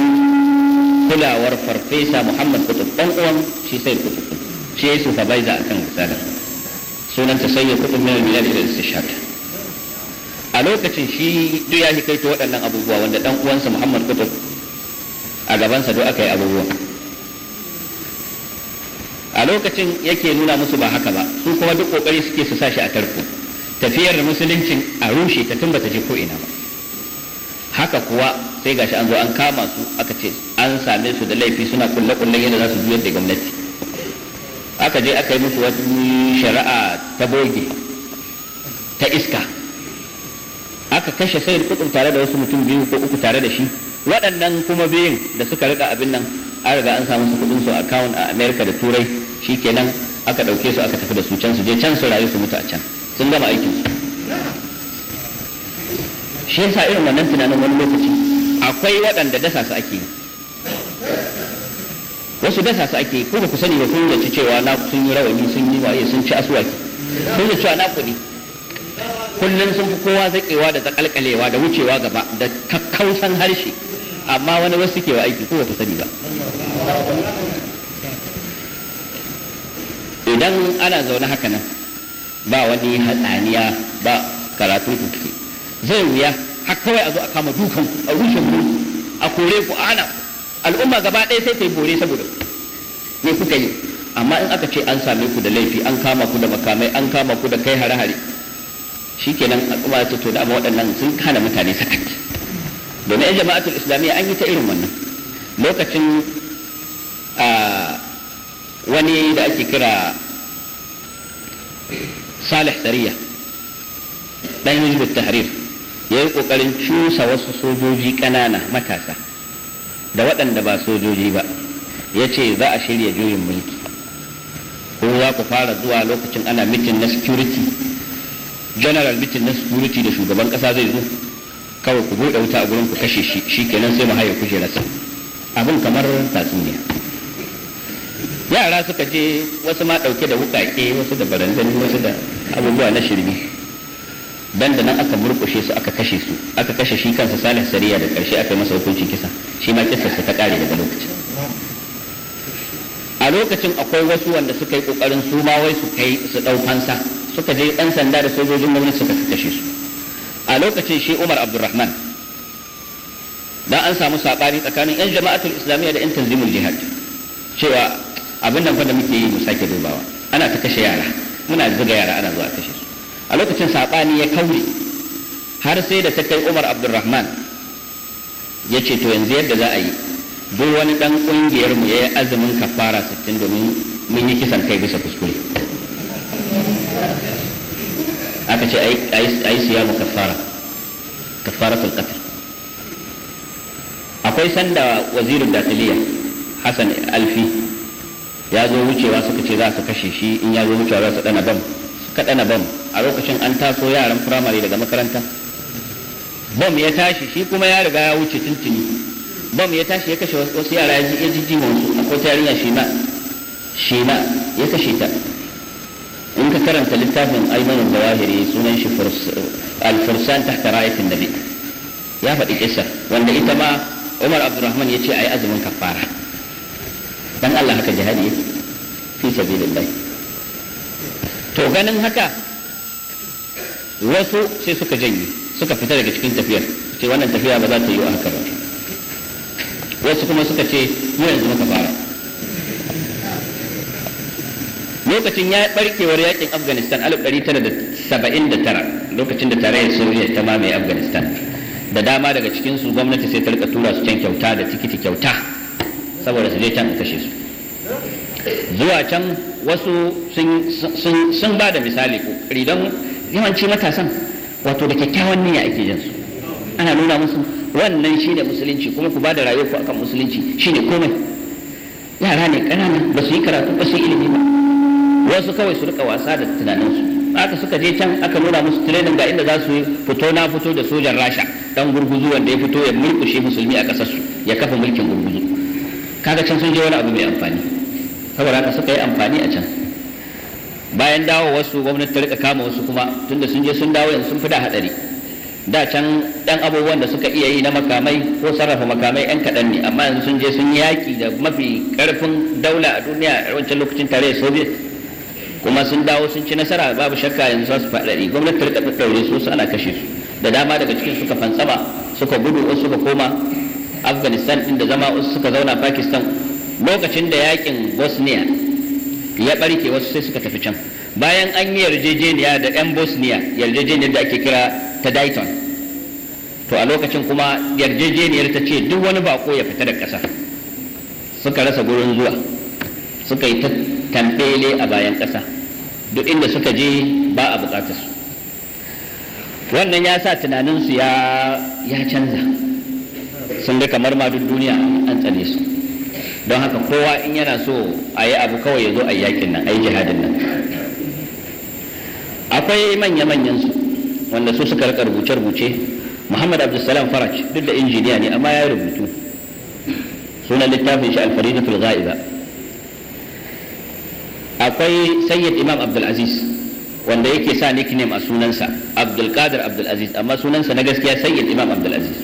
kulawar farfesa muhammad kutub Ɗan uwan shi sai kutub shi ya a kan risala sunan ta ya kutub min al-bilad da shata. a lokacin shi duk ya ta waɗannan abubuwa wanda ɗan uwansa muhammad kutub a gabansa duk aka yi abubuwa a lokacin yake nuna musu ba haka ba su kuma duk kokari suke su sashi a tarko tafiyar musuluncin a rushe ta tun bata je ko ina ba haka kuwa sai gashi an zo an kama su aka ce an same su da laifi suna kulle kullen yadda za su juyar da gwamnati aka je aka yi musu shari'a ta boge ta iska aka kashe sayar kudin tare da wasu mutum biyu ko uku tare da shi waɗannan kuma biyun da suka rika abin nan an riga an samu su kudin su account a America da Turai shi shikenan aka ɗauke su aka tafi da su can su je can su rayu su mutu a can sun gama aikin su shi yasa irin wannan tunanin wani lokaci akwai waɗanda dasa su ake wasu dasa su ake ko ba ku sani ba sun zaci cewa na sun yi rawani sun yi waye sun ci asuwaki sun yi cewa na kuɗi kullum sun fi kowa zaƙewa da zaƙalƙalewa da wucewa gaba da kakkausan harshe amma wani wasu suke wa aiki ko ba ku sani ba idan ana zaune haka nan ba wani hatsaniya ba karatun ku zai wuya har kawai a zo a kama dukan a rushe mu a kore ku ana al'umma gaba ɗaya sai ta yi bore saboda me kuka yi amma in aka ce an same ku da laifi an kama ku da makamai an kama ku da kai hare-hare shikenan al'umma ta to da amma waɗannan sun kana mutane sakat domin yan jama'atul islamiyya an yi ta irin wannan lokacin wani da ake kira salih sariya ɗan tahrir ya yi ƙoƙarin cusa wasu sojoji ƙanana matasa da waɗanda ba sojoji ba ya ce za a shirya juyin mulki kowa ku fara zuwa lokacin ana mitin na security general mitin na security da shugaban ƙasa zai zo kawai ku buɗe wuta a gurin ku kashe shi shi kenan sai mu haye jirasa abin kamar tatsuniya yara suka je wasu ma ɗauke da wuƙaƙe wasu da barandani wasu da abubuwa na shirme dan nan aka murkushe su aka kashe su aka kashe shi kansa salih sariya da karshe aka yi masa hukuncin kisa shi ma kissarsa ta kare daga lokacin a lokacin akwai wasu wanda suka yi kokarin su ma wai su kai su dau fansa suka je dan sanda da sojojin gwamnati suka kashe su a lokacin shi Umar Abdulrahman dan an samu sabani tsakanin yan jama'atul islamiyya da yan tanzimul jihad cewa abin nan fa da muke yi mu sake dubawa ana ta kashe yara muna zuga yara ana zuwa kashe su a lokacin saɓani ya kauri har sai da ta kai umar abdulrahman ya ce to yanzu yadda za a yi duk wani ɗan ƙungiyarmu ya yi azumin kafara sittin domin mun yi kisan kai bisa kuskure aka ce a yi siyamu kafara kafara tulkatar akwai sanda wazirin datiliya hassan alfi ya zo wucewa suka ce za su kashe shi in ya zo wucewa za su ɗana bam kaɗana bom a lokacin an taso yaran firamare daga makaranta bom ya tashi shi kuma ya riga ya wuce tuntuni bam ya tashi ya kashe wasu yara ya ji jiwon su akwai tarihi shima ya kashe ta in ka karanta littafin da wahiri sunan shi al-fursan tahta rayatin nabi ya faɗi kisa wanda ita ma Umar Abdulrahman ya ce a yi azumin kafara dan Allah haka jihadi fi sabilillah to ganin haka wasu sai suka janye suka fita daga cikin tafiyar ce wannan tafiya ba za ta yi wa haka ba wasu kuma suka ce mu yanzu muka fara lokacin ya barkewar yakin afghanistan 1979 lokacin da tarayyar soviet ta mamaye afghanistan da dama daga cikinsu gwamnati sai ta rika tura su can kyauta da tikiti kyauta saboda su je can kashe su zuwa can wasu sun ba da misali ko don yawanci matasan wato da kyakkyawan niyya ake jin su ana nuna musu wannan shine musulunci kuma ku ba da ku akan musulunci shine komai yara ne ƙanana ba su yi karatu ba su yi ilimi ba wasu kawai su rika wasa da tunanin su aka suka je can aka nuna musu training ga inda za su fito na fito da sojan rasha dan gurguzu wanda ya fito ya mulkushe musulmi a ƙasarsu ya kafa mulkin gurguzu kaga can sun je wani abu mai amfani saboda haka suka yi amfani a can bayan dawo wasu gwamnati ta rika kama wasu kuma tunda sun je sun dawo yanzu sun fi da hadari da can dan abubuwan da suka iya yi na makamai ko sarrafa makamai yan kaɗan ne amma yanzu sun je sun yaƙi da mafi ƙarfin daula a duniya a wancan lokacin tare soviet kuma sun dawo sun ci nasara babu shakka yanzu za su faɗaɗi gwamnati ta rika ɗaɗɗaure su ana kashe su da dama daga cikin suka fansama suka gudu wasu suka koma afghanistan inda zama wasu suka zauna pakistan lokacin da yakin bosnia ya barke wasu sai suka tafi can bayan an yi yarjejeniya da 'yan bosnia yarjejeniyar da ake kira ta dayton to a lokacin kuma yarjejeniyar ta ce duk wani bako ya fita da ƙasa suka rasa gurin zuwa suka yi ta tambele a bayan ƙasa duk inda suka je ba a buƙatar wannan ya sa tunaninsu ya canza sun ga kamar ma duk duniya an tsane su don haka kowa in yana so a yi abu kawai ya zo a yakin nan a yi jihadin nan akwai manya-manyan su wanda su suka rika rubuce-rubuce muhammad abdulsalam faraj duk da injiniya ne amma ya rubutu sunan littafin shi alfarida fil ghaiba akwai sayyid imam abdulaziz wanda yake sa nickname a sunansa abdulkadir abdulaziz amma sunansa na gaskiya sayyid imam abdulaziz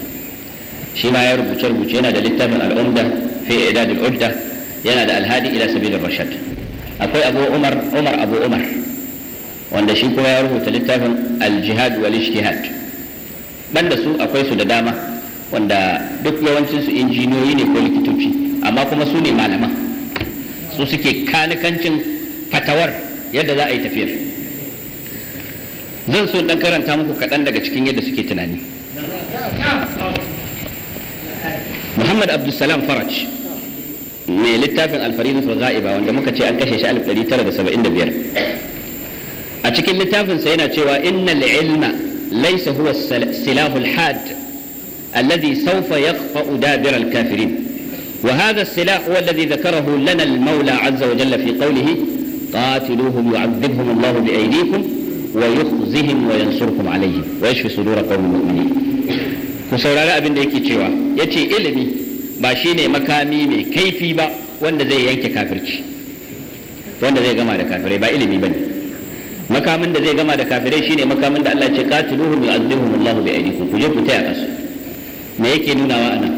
shi ma ya rubuce-rubuce yana da littafin al'umda fi idad al yana da alhadi ila sabida rashad akwai abu umar abu umar wanda shi kuma ya rubuta littafin al-jihad wal ijtihad banda su akwai su da dama wanda duk yawancinsu injiniyoyi ne ko likitoci amma kuma su ne malaman su suke kanikancin fatawar yadda za a yi tafiyar zan so ɗan karanta muku kaɗan daga cikin yadda suke tunani محمد عبد السلام فرج من التافن الفريد الغائبة عندما كتش أن كشي شعل الذي ترى بسبب إن دبير أشكل التافن سينا تشوى وإن العلم ليس هو السلاح الحاد الذي سوف يخفأ دابر الكافرين وهذا السلاح هو الذي ذكره لنا المولى عز وجل في قوله قاتلوهم يعذبهم الله بأيديكم ويخزهم وينصركم عليهم ويشفي صدور قوم المؤمنين ku saurari abin da yake cewa ya ce ilimi ba shi ne makami mai kaifi ba wanda zai yanke kafirci wanda zai gama da kafirai ba ilimi ba ne makamin da zai gama da kafirai shi ne makamin da Allah ce qatiluhum yu'adhibuhum Allahu bi aydikum ku je ku taya kasu me yake wa anan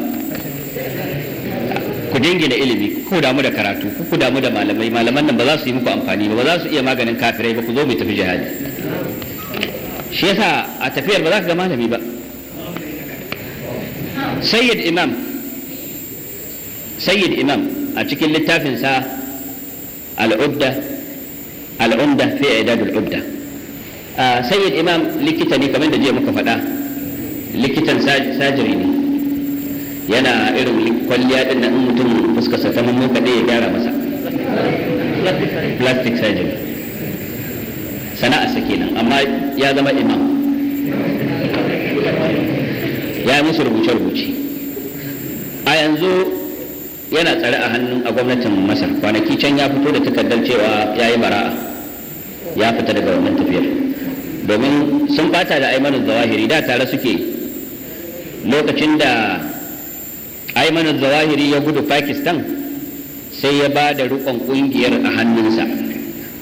ku dingina ilimi ku damu da karatu ku damu da malamai malaman nan ba za su yi muku amfani ba ba za su iya maganin kafirai ba ku zo mu tafi jihadi shi yasa a tafiyar ba za ka ga malami ba sayyid imam sayyid imam a cikin littafinsa al'ubda al'umda fi idadul sayyid imam likita ne kamar da jiya muka faɗa likitan sajiri ne yana irin kwalliya din nan mutum fuskarsa ta mun kaɗai ya gyara masa plastic surgery sana'arsa kenan amma ya zama imam ya musu rubuce-rubuce a yanzu yana tsare a hannun a gwamnatin masar kwanaki can ya fito da takardar cewa ya yi bara'a ya fita daga wannan tafiyar domin sun bata da aimanin zawahiri da tare suke lokacin da aimanin zawahiri ya gudu pakistan sai ya ba da rukon kungiyar a hannunsa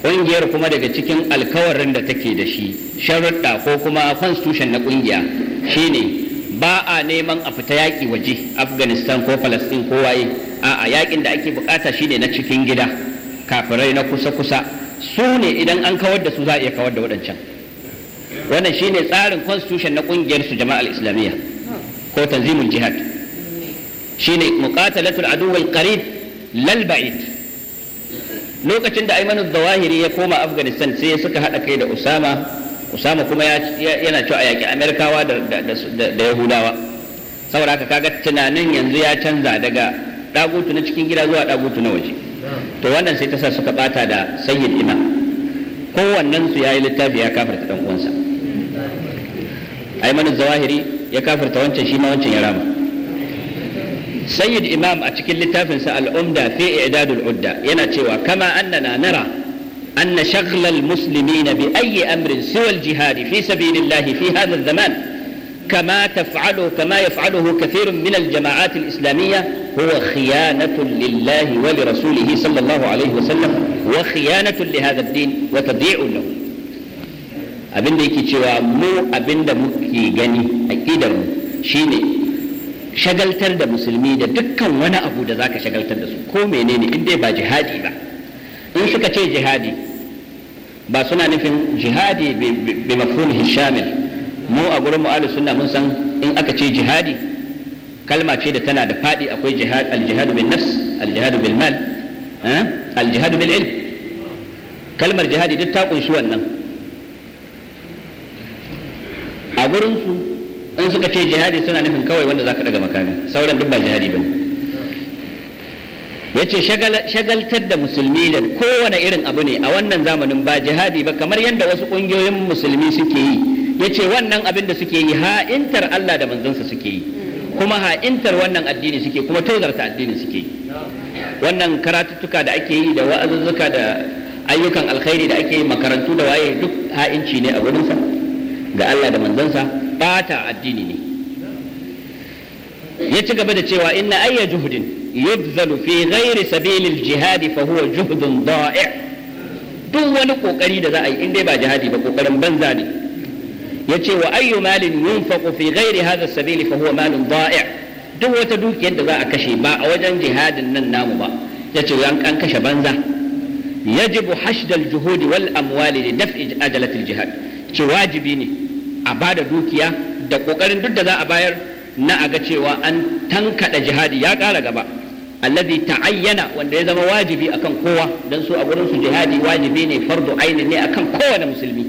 ƙungiyar kuma daga cikin alkawarin da take da shi sharuɗa ko kuma constitution na ƙungiya shine ba a neman a fita yaƙi waje afghanistan ko falastin ko waye a yaƙin da ake bukata shine na cikin gida kafirai na kusa-kusa su ne idan an kawar da su za a iya kawar da waɗancan wannan shine tsarin constitution na ƙungiyar su jama'al islamiyya ko tanzimul jihad shine muqatalatul aduwwal qarib lal ba'id lokacin da aymanu Zawahiri ya koma Afghanistan sai suka haɗa kai da Usama usama kuma yana cewa a yaƙi amerikawa da yahudawa saboda haka kaga tunanin yanzu ya canza daga ɗagutu na cikin gida zuwa ɗagutu na waje to wannan sai ta sa suka ɓata da sayyid imam kowannen su ya yi littafi ya kafarta ɗan uwansa Aimanu zawahiri ya kafarta wancan shi ma wancan ya rama sayyid imam a cikin littafinsa al'umda umda fi i'dadul udda yana cewa kama annana nara أن شغل المسلمين بأي أمر سوى الجهاد في سبيل الله في هذا الزمان كما تفعله كما يفعله كثير من الجماعات الإسلامية هو خيانة لله ولرسوله صلى الله عليه وسلم وخيانة لهذا الدين وتضييع له abin da yake cewa mu abin da muke gani aƙidar mu shine shagaltar da musulmi da dukkan wani abu da zaka shagaltar da su ko menene in dai ba in suka ce jihadi ba suna nufin jihadi bi mafhum shamil mu a gurin mu'alu sunna mun san in aka ce jihadi kalma ce da tana da fadi akwai jihad al-jihad bin nafs al-jihad bil mal eh? al-jihad bil ilm kalmar jihadi duk ta kunshi wannan a gurin su in suka ce jihadi suna nufin kawai wanda zaka daga makami sauran duk ba jihadi bane ya ce shagaltar da musulmi da kowane irin abu ne a wannan zamanin ba jihadi ba kamar yadda wasu ƙungiyoyin musulmi suke yi ya ce wannan abin da suke yi ha'intar Allah da manzansa suke yi kuma ha'intar wannan addini suke kuma tozarta addini suke yi wannan karatuttuka da ake yi da wa'azuzzuka da ayyukan alkhairi da ake yi makarantu da waye duk ha'inci ne a gurinsa ga Allah da manzansa bata addini ne ya ci gaba da cewa inna ayya juhudin يبذل في غير سبيل الجهاد فهو جهد ضائع دول كوكري ده زائي إن ديبا جهادي بكوكرم بنزاني يتي وأي مال ينفق في غير هذا السبيل فهو مال ضائع دو تدوك يد ذا أكشي ما أوجن جهاد النام نام ما يتي وأنك أنكش بنزا يجب حشد الجهود والأموال لدفع أجلة الجهاد واجبيني أبادا دوكيا دكوكرم دو ده زائي أباير na a ga cewa an tankaɗa jihadi ya ƙara gaba alladhi ta'ayyana wanda ya zama wajibi akan kowa dan su a gurin su jihadi wajibi ne fardu aini ne akan kowane musulmi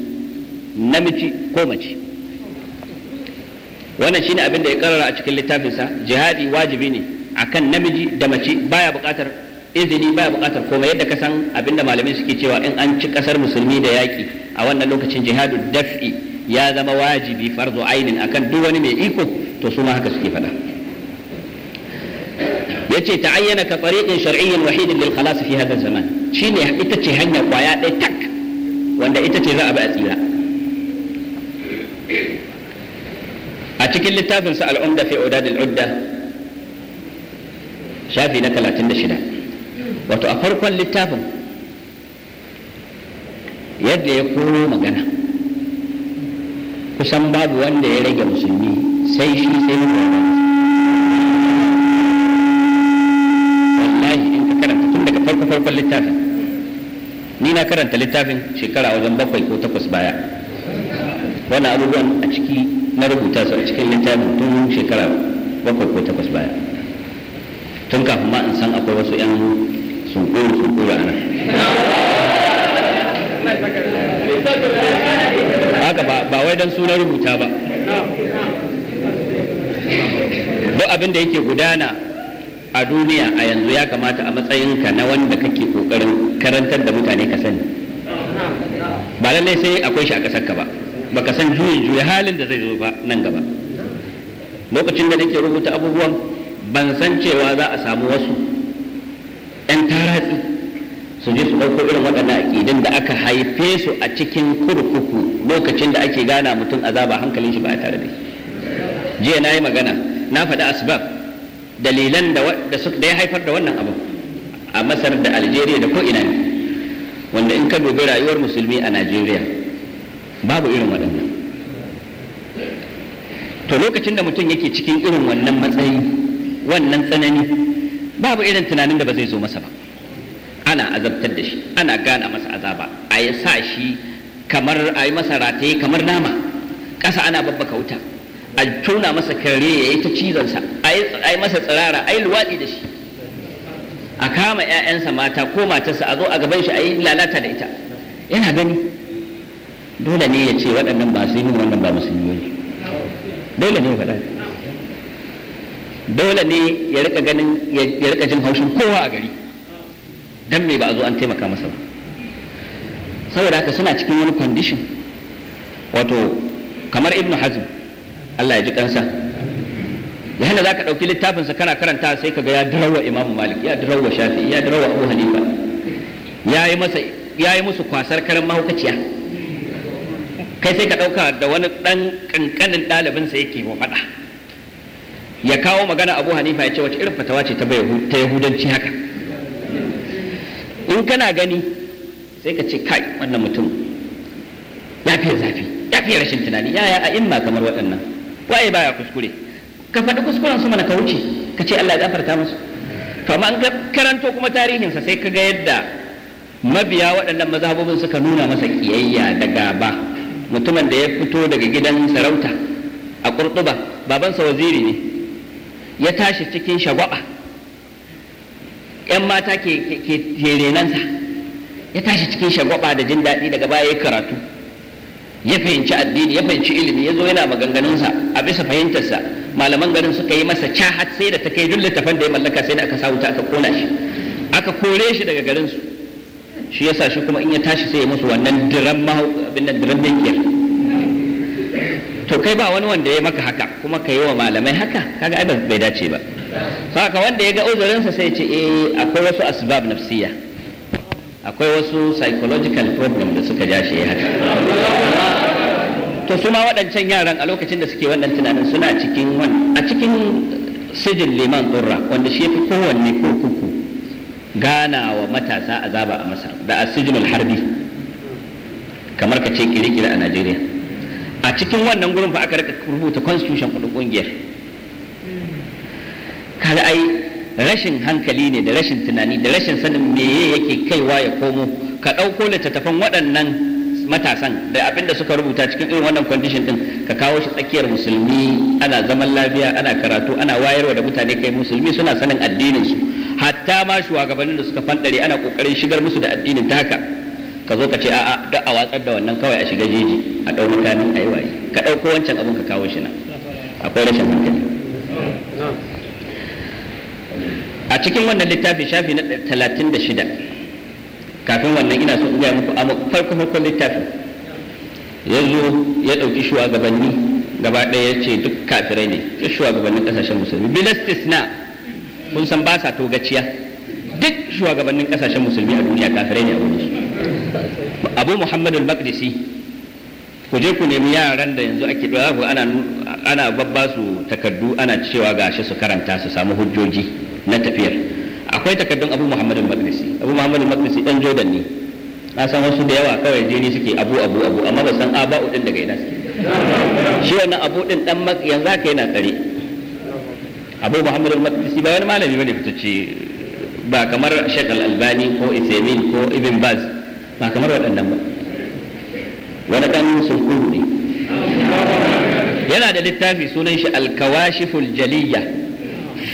namiji ko mace wannan shine abin da ya karara a cikin littafinsa jihadi wajibi ne akan namiji da mace baya buƙatar izini baya buƙatar komai yadda ka san abinda malamai suke cewa in an ci kasar musulmi da yaki a wannan lokacin jihadu daf'i ya zama wajibi fardu ainin akan duk wani mai iko to su ma haka suke faɗa yace ta'ayyana ka tariqin shar'iyyin wahidin lil khalas fi hadha zaman shine ita ce hanya kwaya ɗaya tak wanda ita ce za a bi a tsira a cikin littafin sa al'umda fi udad al'udda shafi na 36 wato a farkon littafin yadda ya koro magana kusan babu wanda ya rage musulmi sai shi sai musulmi farko farkon littafin ni na karanta littafin shekara wajen bakwai ko takwas baya wannan abubuwan a ciki na rubuta su a cikin littafin tun shekara bakwai ko takwas baya tun kafin ma in san akwai wasu 'yan sunkuru sunkuru a nan haka ba wai don suna rubuta ba duk abin da yake gudana a duniya a yanzu ya kamata a matsayinka na wanda kake kokarin karantar da mutane ka sani ba lallai sai akwai shi a ka ba baka san juyin juya halin da zai zo ba nan gaba lokacin da nake rubuta abubuwan ban san cewa za a samu wasu 'yan taratsi su je su ɗauko irin waɗannan aƙidin da aka haife su a cikin kurkuku lokacin da ake gana mutum a azaba hankalin shi ba tare da jiya na yi magana na faɗi asbab dalilan da ya haifar da wannan abu a masar da algeria da ko'ina ne wanda in ka dubi rayuwar musulmi a najeriya babu irin waɗannan to lokacin da mutum yake cikin irin wannan matsayi wannan tsanani babu irin tunanin da ba zai zo masa ba ana azabtar da shi ana gana masa azaba a ya sa shi kamar a yi masa rataye kamar nama ƙasa ana babbaka wuta a tona masa kare ya yi ta cizonsa a yi masa tsirara a yi luwaɗi da shi a kama 'ya'yansa mata ko matarsa a zo a gaban shi a yi lalata da ita yana gani dole ne ya ce waɗannan ba su yi wannan ba musulmi ne dole ne ya faɗa dole ne ya rika ganin ya rika jin haushin kowa a gari dan me ba a zo an taimaka masa ba saboda haka suna cikin wani condition wato kamar ibnu hazm Allah ya ji kansa da hana za ka ɗauki littafinsa kana karanta sai kaga ya dirawa Imam Malik ya dirawa Shafi ya dirawa Abu Hanifa ya yi musu kwasar karin mahaukaciya kai sai ka ɗauka da wani ɗan ƙanƙanin ɗalibinsa yake wa faɗa ya kawo magana Abu Hanifa ya ce wace irin fatawa ce ta Yahudanci haka in kana gani sai ka ce kai wannan mutum ya fiye zafi ya fiye rashin tunani ya ya a imma kamar waɗannan waye baya kuskure ka faɗi kuskuren su mana ka wuce ka ce Allah ya gafarta musu to amma an karanto kuma tarihin sa sai ka ga yadda mabiya waɗannan mazhabobin suka nuna masa kiyayya da gaba mutumin da ya fito daga gidan sarauta a kurtuba babansa waziri ne ya tashi cikin shagwaba yan mata ke renansa ya tashi cikin shagwaba da jin daɗi daga baya ya karatu ya fahimci addini ya fahimci ilimi ya zo yana maganganunsa a bisa fahimtarsa malaman garin suka yi masa cahat sai da ta kai duk littafan da ya mallaka sai da aka sa wuta aka kona shi aka kore shi daga garin su shi yasa shi kuma in ya tashi sai ya musu wannan diran ma abin nan diran dukiyar to kai ba wani wanda ya maka haka kuma ka yi wa malamai haka kaga ai bai dace ba haka wanda ya ga uzurinsa sai ce eh akwai wasu asbab nafsiya akwai wasu psychological problem da suka ja shi haka to su ma waɗancan yaran a lokacin da suke wannan tunanin suna cikin wani a cikin sijin liman durra wanda shi fi kowanne kurkuku gana wa matasa azaba a masar da a sijin harbi kamar ka ce kirikira a najeriya a cikin wannan gurin fa aka rubuta constitution kudin kungiyar kada ai rashin hankali ne da rashin tunani da rashin sanin me yake kaiwa ya komo ka ɗauko littattafan waɗannan matasan da abin da suka rubuta cikin irin wannan condition din ka kawo shi tsakiyar musulmi ana zaman lafiya ana karatu ana wayarwa da mutane kai musulmi suna sanin addinin su hatta ma shugabannin da suka fandare ana kokarin shigar musu da addinin taka ka zo ka ce a'a duk a watsar da wannan kawai a shiga jeji a dau mutanen ayi waye ka dauko wancan abin ka kawo shi na akwai rashin hankali a cikin wannan littafi shafi na 36 kafin wannan ina so ina gaya muku amma farko farkon littafin ya zo ya ɗauki shugabanni gaba ɗaya ya ce duk kafirai ne ya shugabannin ƙasashen musulmi na kun san ba sa togaciya duk shugabannin ƙasashen musulmi a duniya kafirai ne a wurin abu muhammadu al-maqdisi ku je ku nemi yaran da yanzu ake ɗora ku ana ana babba su takardu ana cewa gashi su karanta su samu hujjoji na tafiyar akwai takardun abu muhammad al-maqdisi abu muhammad al-maqdisi dan jordan ne na san wasu da yawa kawai jini suke abu abu abu amma ba san aba din daga ina suke shi wannan abu din dan yanzu haka yana tsare abu muhammad al-maqdisi ba wani malami bane fitacce ba kamar shek al-albani ko isamin ko ibn baz ba kamar waɗannan ba wani dan sunkuru ne yana da littafi sunan shi al-kawashiful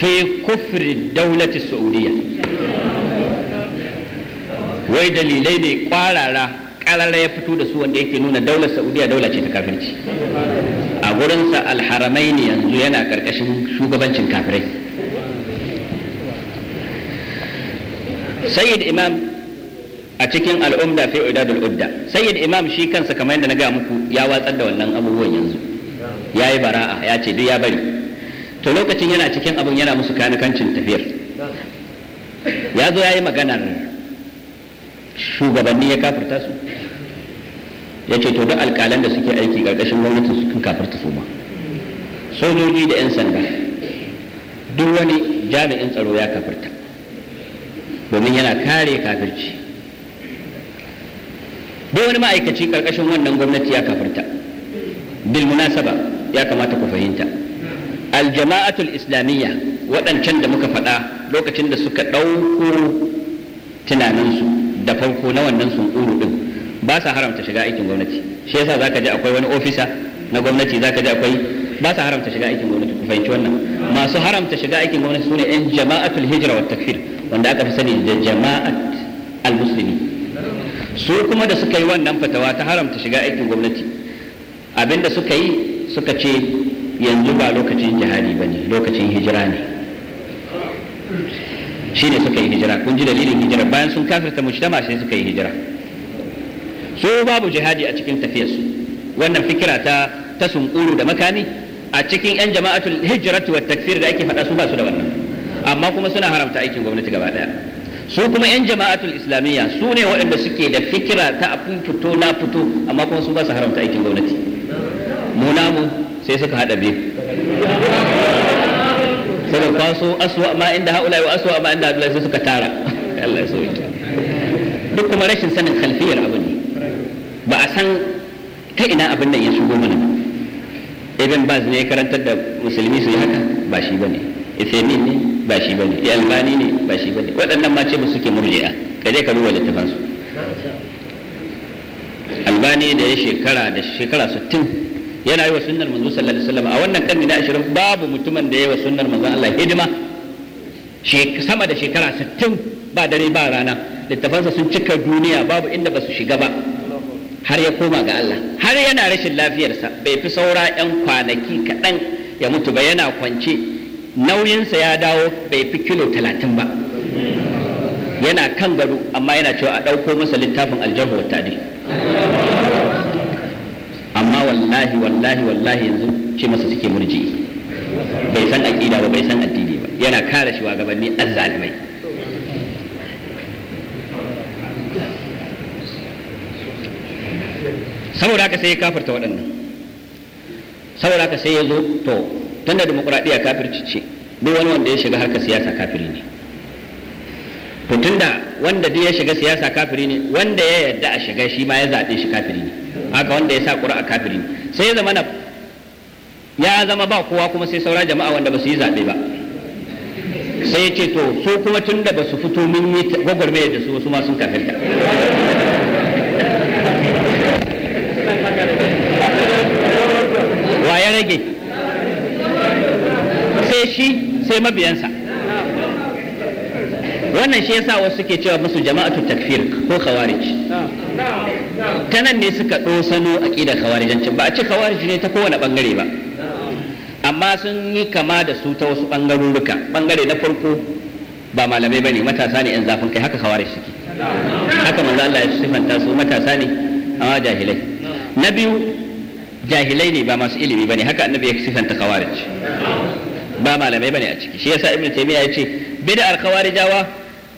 fi kufri daulati saudiya wai dalilai ne kwarara karara ya fito da su wanda yake nuna daular saudiya daula ce ta kafirci a gurinsa alharamai ne yanzu yana ƙarƙashin shugabancin kafirai sayyid imam a cikin al'umda fi da udda sayyid imam shi kansa kamar yadda na gaya muku ya watsar da wannan abubuwan yanzu ya yi bara'a ya ce duk ya bari to lokacin yana cikin abin yana musu kanikancin tafiyar ya zo ya yi maganar shugabanni ya kafirta su ya ce to duk alkalan da suke aiki ƙarƙashin gwamnatin su kan kafirta su ma sojoji da 'yan sanda duk wani jami'in tsaro ya kafirta domin yana kare kafirci duk wani ma'aikaci ƙarƙashin wannan gwamnati ya kafirta bil munasaba ya kamata ku fahimta aljama'atul islamiyya waɗancan da muka faɗa lokacin da suka ɗauko tunaninsu da farko na wannan sun uru ɗin ba sa haramta shiga aikin gwamnati shi yasa zaka ji akwai wani ofisa na gwamnati zaka ji akwai ba sa haramta shiga aikin gwamnati ku fahimci wannan masu haramta shiga aikin gwamnati sune yan jama'atul hijra wa takfir wanda aka fi sani da jama'at al-muslimi su kuma da suka yi wannan fatawa ta haramta shiga aikin gwamnati abinda suka yi suka ce yanzu ba lokacin jihadi ba ne lokacin hijira ne shi ne suka yi hijira kun ji dalilin hijira bayan sun kafirta mujtama sai suka yi hijira so babu jihadi a cikin tafiyarsu wannan fikira ta ta sunkuru da makami a cikin yan jama'atul hijratu wat takfir da ake faɗa su ba su da wannan amma kuma suna haramta aikin gwamnati gaba daya su kuma yan jama'atul islamiyya su ne waɗanda suke da fikira ta a fito na fito amma kuma su ba su haramta aikin gwamnati mu namu sai suka hada biyu suka kwaso aswa ma inda haula wa aswa ma inda haula sai suka tara Allah ya sauke duk kuma rashin sanin khalfiyar abin ne ba a san ta ina abin nan ya shigo mana ba ibn baz ne ya karantar da musulmi su yi haka ba shi bane isaimin ne ba shi bane albani ne ba shi bane waɗannan ma ce mu suke murji'a ka je ka duba littafan su albani da ya shekara da shekara 60 yana yi wa sunnar manzo sallallahu alaihi wasallam a wannan karni na 20 babu mutumin da ya yi wa sunnar manzo Allah hidima sama da shekara 60 ba dare ba rana littafansa sun cika duniya babu inda ba su shiga ba har ya koma ga Allah har yana rashin lafiyarsa bai fi saura 'yan kwanaki kaɗan ya mutu ba yana kwance nauyinsa ya dawo bai fi kilo 30 ba yana kan gado amma yana cewa a ɗauko masa littafin aljarhu wa amma wallahi wallahi wallahi yanzu ce masa suke murji bai san aqida ba bai san addini ba yana kare shi gabanni azzalimai saboda haka sai ya kafarta waɗannan saboda haka sai ya zo to tunda demokuraɗiyya kafirci ce duk wani wanda ya shiga harka siyasa kafiri ne to da wanda duk ya shiga siyasa kafiri ne wanda ya yarda a shiga shi ma ya zaɓe shi kafiri ne haka wanda ya sa a kafiri sai ya zama na ya zama ba kowa kuma sai saura jama'a wanda ba su yi zaɓe ba sai ya ce to so kuma tun da ba su fito min yi gwagwarmaya da su wasu ma sun kafirta wa ya rage sai shi sai mabiyansa wannan shi ya sa wasu ke cewa musu jama'atu takfir ko khawarij ta nan ne suka ɗosano a ƙidar kawarijancin ba a ce kawarijin ne ta kowane ɓangare ba amma sun yi kama da su ta wasu ɓangarurruka ɓangare na farko ba malamai ba ne matasa ne 'yan zafin kai haka kawarij suke haka manzo Allah ya sifanta su matasa ne amma jahilai na biyu jahilai ne ba masu ilimi ba ne haka annabi ya sifanta kawarij ba malamai ba ne a ciki shi yasa ibnu taymiya ya ce bid'ar kawarijawa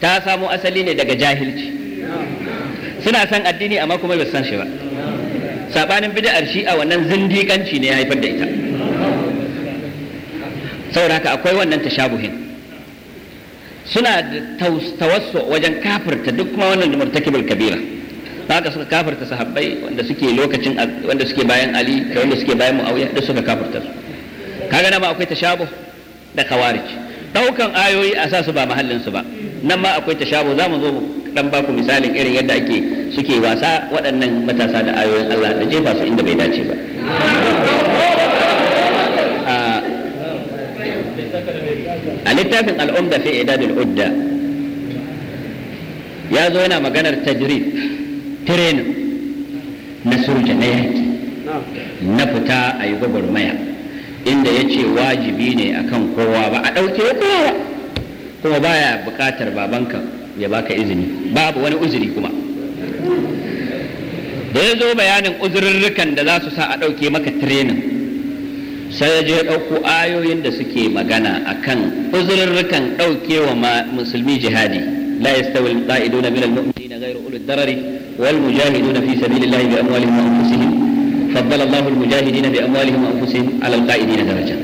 ta samo asali ne daga jahilci suna san addini amma kuma ba san shi ba sabanin bid'ar shi a wannan zindiƙanci ne ya haifar da ita saboda haka akwai wannan tashabuhin suna da tawassu wajen kafirta duk kuma wannan murtakibul kabira haka suka kafirta sahabbai wanda suke lokacin wanda suke bayan ali da wanda suke bayan muawiya da suka kafirta su kaga na ma akwai tashabuh da khawarij daukan ayoyi a sa su ba mahallin su ba nan ma akwai tashabuh zamu zo dan baku misalin irin yadda ake suke wasa waɗannan matasa da ayoyin Allah da jefa su inda bai dace ba a littafin da fi udda ya zo yana maganar tajrid training na soja na yaki na fita a yi gwagwarmaya inda ya ce wajibi ne akan kowa ba a ɗauke kowa kuma baya buƙatar babanka ya baka izini babu wani uzuri kuma da ya zo bayanin uzurrukan da za su sa a ɗauke maka tirenin sai ya je ɗauko ayoyin da suke magana a kan uzurrukan ɗaukewa musulmi jihadi la yastawi al-qa'iduna min al-mu'minina ghayru ulul darari wal mujahiduna fi sabilillahi bi amwalihim wa anfusihim faddala Allahu al-mujahidina bi amwalihim wa anfusihim ala al-qa'idina daraja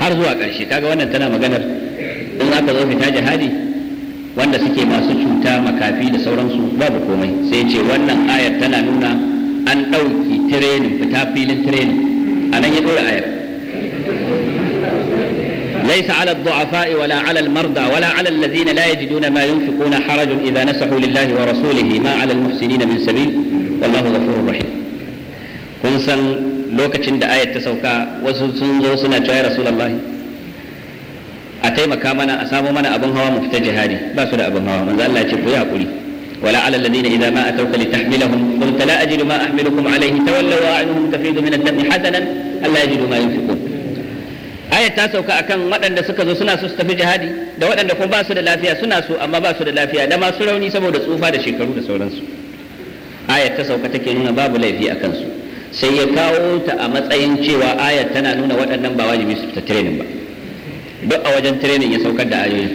har zuwa ƙarshe kaga wannan tana maganar in aka zo fita jihadi wanda suke masu cuta makafi da sauransu babu komai sai ce wannan ayar tana nuna an ɗauki tirenin fita filin tirenin a nan ya ɗora ayar ليس على الضعفاء ولا على المرضى ولا على الذين لا يجدون ما ينفقون حرج إذا نسحوا لله ورسوله ما على المحسنين من سبيل والله غفور رحيم كن سن لوكتشن دا آية تسوكا وسن زو سنة رسول الله taimaka mana a samo mana abin hawa mu fita jihadi ba su da abin hawa manzo Allah ce ku yi hakuri wala ala alladhina idza ma atawka litahmilahum qulta la ajidu ma ahmilukum alayhi tawallaw wa anhum tafidu min ad-dami hasanan alla yajidu ma yunfiqun ayat ta sauka akan waɗanda suka zo suna so su tafi jihadi da waɗanda kuma ba su da lafiya suna so amma ba su da lafiya da masu rauni saboda tsufa da shekaru da sauransu aya ta sauka take nuna babu laifi a kansu sai ya kawo ta a matsayin cewa aya tana nuna waɗannan ba wajibi su fita training ba duk a wajen training ya saukar da ayoyi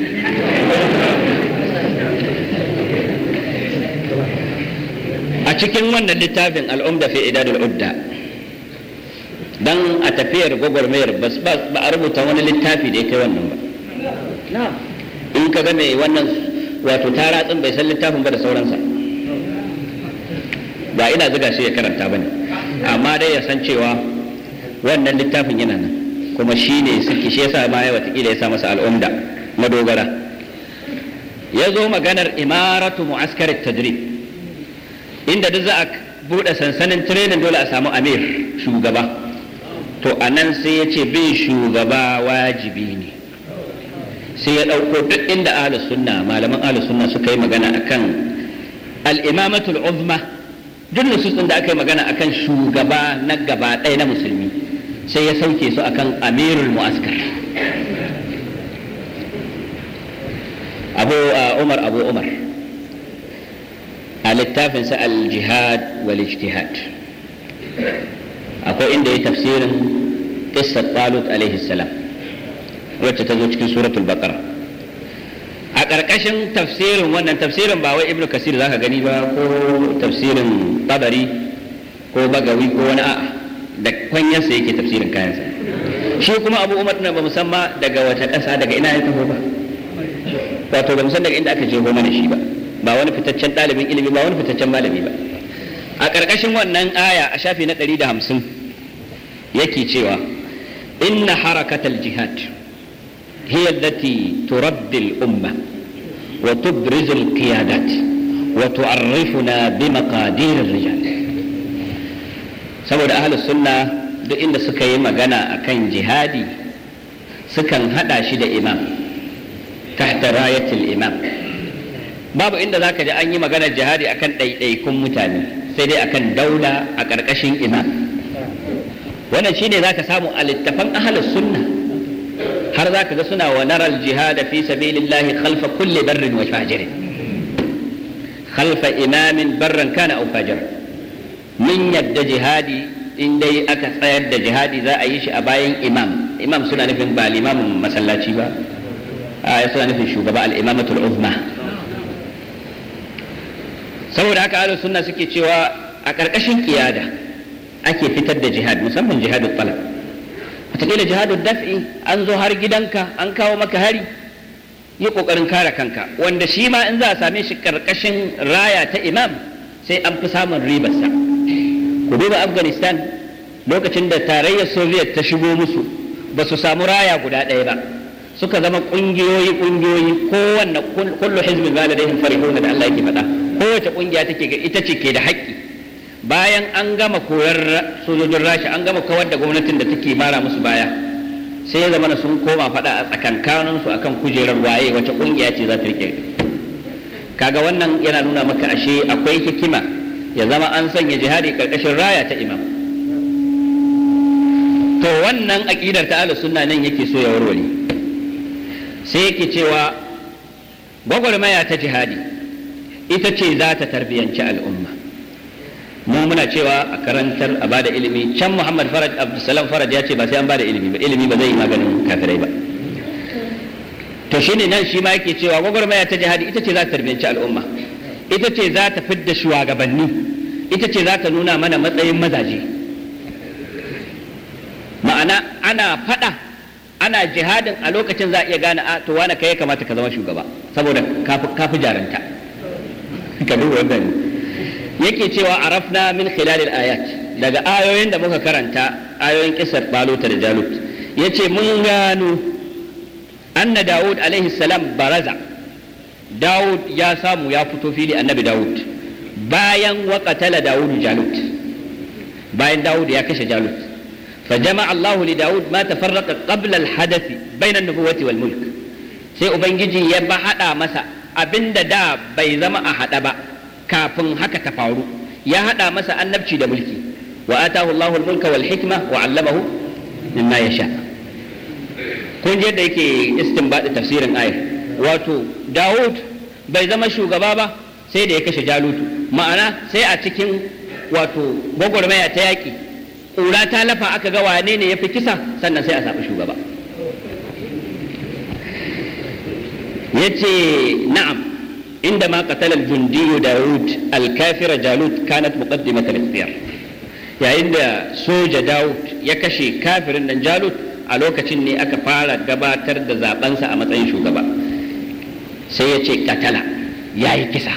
a cikin wannan littafin al'umda fi idadul udda dan a tafiyar gwagwarmayar bas ba a rubuta wani littafi da ya kai wannan ba in ka ga wannan wato taratsin bai san littafin ba da sauransa ba ina zuga shi ya karanta ba ne amma dai ya san cewa wannan littafin yana nan kuma shi ne suke shi yasa ma ya watakila ya sa masa al'umda madogara ya zo maganar imaratu mu'askarin tadrib inda duk za a buɗe sansanin tirenin dole a samu amir shugaba to a nan sai ya ce bin shugaba wajibi ne sai ya ɗauko duk inda ahlus sunna malaman ahlus suka yi magana akan al-imamatul uzma duk nususin da aka yi magana akan shugaba na gaba ɗaya na musulmi sai ya sauke su akan amirul mu'askar abu uh, umar abu umar a littafinsa al-jihad wal ijtihad akwai inda ya tafsirin qissat talut alaihi salam wacce ta zo cikin suratul baqara a ƙarƙashin tafsirin wannan tafsirin ba wai ibnu kasir zaka gani ba ko tafsirin tabari ko bagawi ko wani a da kwanyarsa yake tafsirin kayansa shi kuma abu umar na ba musamma daga wata ƙasa daga ina ya taho ba wato ba musamman daga inda aka jeho mana shi ba ba wani fitaccen ɗalibin ilimi ba wani fitaccen malami ba a ƙarƙashin wannan aya a shafi na ɗari da hamsin yake cewa inna harakatal jihad هي التي تربي الأمة وتبرز القيادات وتعرفنا بمقادير الرجال saboda ahlus sunna duk inda suka yi magana akan jihadi sukan hada shi da imam tahta rayatul imam babu inda zaka ji an yi maganar jihadi akan ɗaiɗaikun mutane sai dai akan daula a ƙarƙashin imam wannan shine zaka samu a littafan ahlus sunna har zaka ga suna wa naral jihad fi sabilillahi khalfa kulli barrin wa fajirin khalfa imamin barran kana aw fajirin mun yadda jihadi in dai aka tsayar da jihadi za a yi shi a bayan imam imam suna nufin ba limamin masallaci ba a suna nufin shugaba al'imamatul uzma saboda haka ahlus sunna suke cewa a ƙarƙashin kiyada ake fitar da jihad musamman jihadul talab wataƙila jihadul daf'i an zo har gidanka an kawo maka hari yi ƙoƙarin kare kanka wanda shi ma in za a same shi ƙarƙashin raya ta imam sai an fi samun ribarsa ku duba afghanistan lokacin da tarayyar soviet ta shigo musu ba su samu raya guda ɗaya ba suka zama ƙungiyoyi ƙungiyoyi kowanne kullu hizbin ba da farihuna da Allah yake faɗa kowace ƙungiya take ga ita ce ke da haƙƙi bayan an gama koyar sojojin rasha an gama kawar da gwamnatin da take mara musu baya sai ya zama sun koma faɗa a tsakankaninsu akan kujerar waye wace ƙungiya ce za ta riƙe kaga wannan yana nuna maka ashe akwai hikima ya zama an sanya jihadi karkashin raya ta imam to wannan aƙidar ta ala sunna nan yake so ya warware sai yake cewa gwagwarmaya ta jihadi ita ce za ta tarbiyanci al'umma mu muna cewa a karantar a bada ilimi can muhammad faraj abdulsalam faraj ya ce ba sai an bada ilimi ba ilimi ba zai yi maganin kafirai ba to shine nan shi ma yake cewa gwagwarmaya ta jihadi ita ce za ta tarbiyanci al'umma ita ce za ta fidda shugabanni ita ce za ta nuna mana matsayin mazaje ma'ana ana fada ana jihadin a lokacin za a iya gane a ah, to wane kai ya kamata ka zama shugaba saboda kafi jaranta ka duba yake cewa arafna min khilalil ayat daga ayoyin da muka karanta ayoyin kisar balota da jalut yace mun gano anna daud alaihi salam baraza Dawud ya samu ya fito fili annabi Dawud bayan waƙatala Dawud Jalut bayan Dawud ya kashe Jalut fa jama'a Allah li Dawud ma tafarraqa qabla al-hadath bayna an-nubuwati wal mulk sai ubangiji ya ba hada masa abinda da bai zama a hada ba kafin haka ta faru ya hada masa annabci da mulki wa atahu Allahu al-mulka wal hikma wa 'allamahu mimma yasha kun je da yake istinbadi tafsirin ayat wato Dawud bai zama shugaba ba sai da ya kashe Jalutu ma'ana sai a cikin wato gwagwarmaya ta yaƙi ƙura ta lafa aka ga wane ne ya fi kisa sannan sai a sami shugaba ya ce na'am inda ma qatala da Dawud alkafira kafira Jalut kanat muqaddimata al yayin da soja Dawud ya kashe kafirin nan Jalut a lokacin ne aka fara gabatar da zaɓensa a matsayin shugaba sai ya ce katala ya yi kisa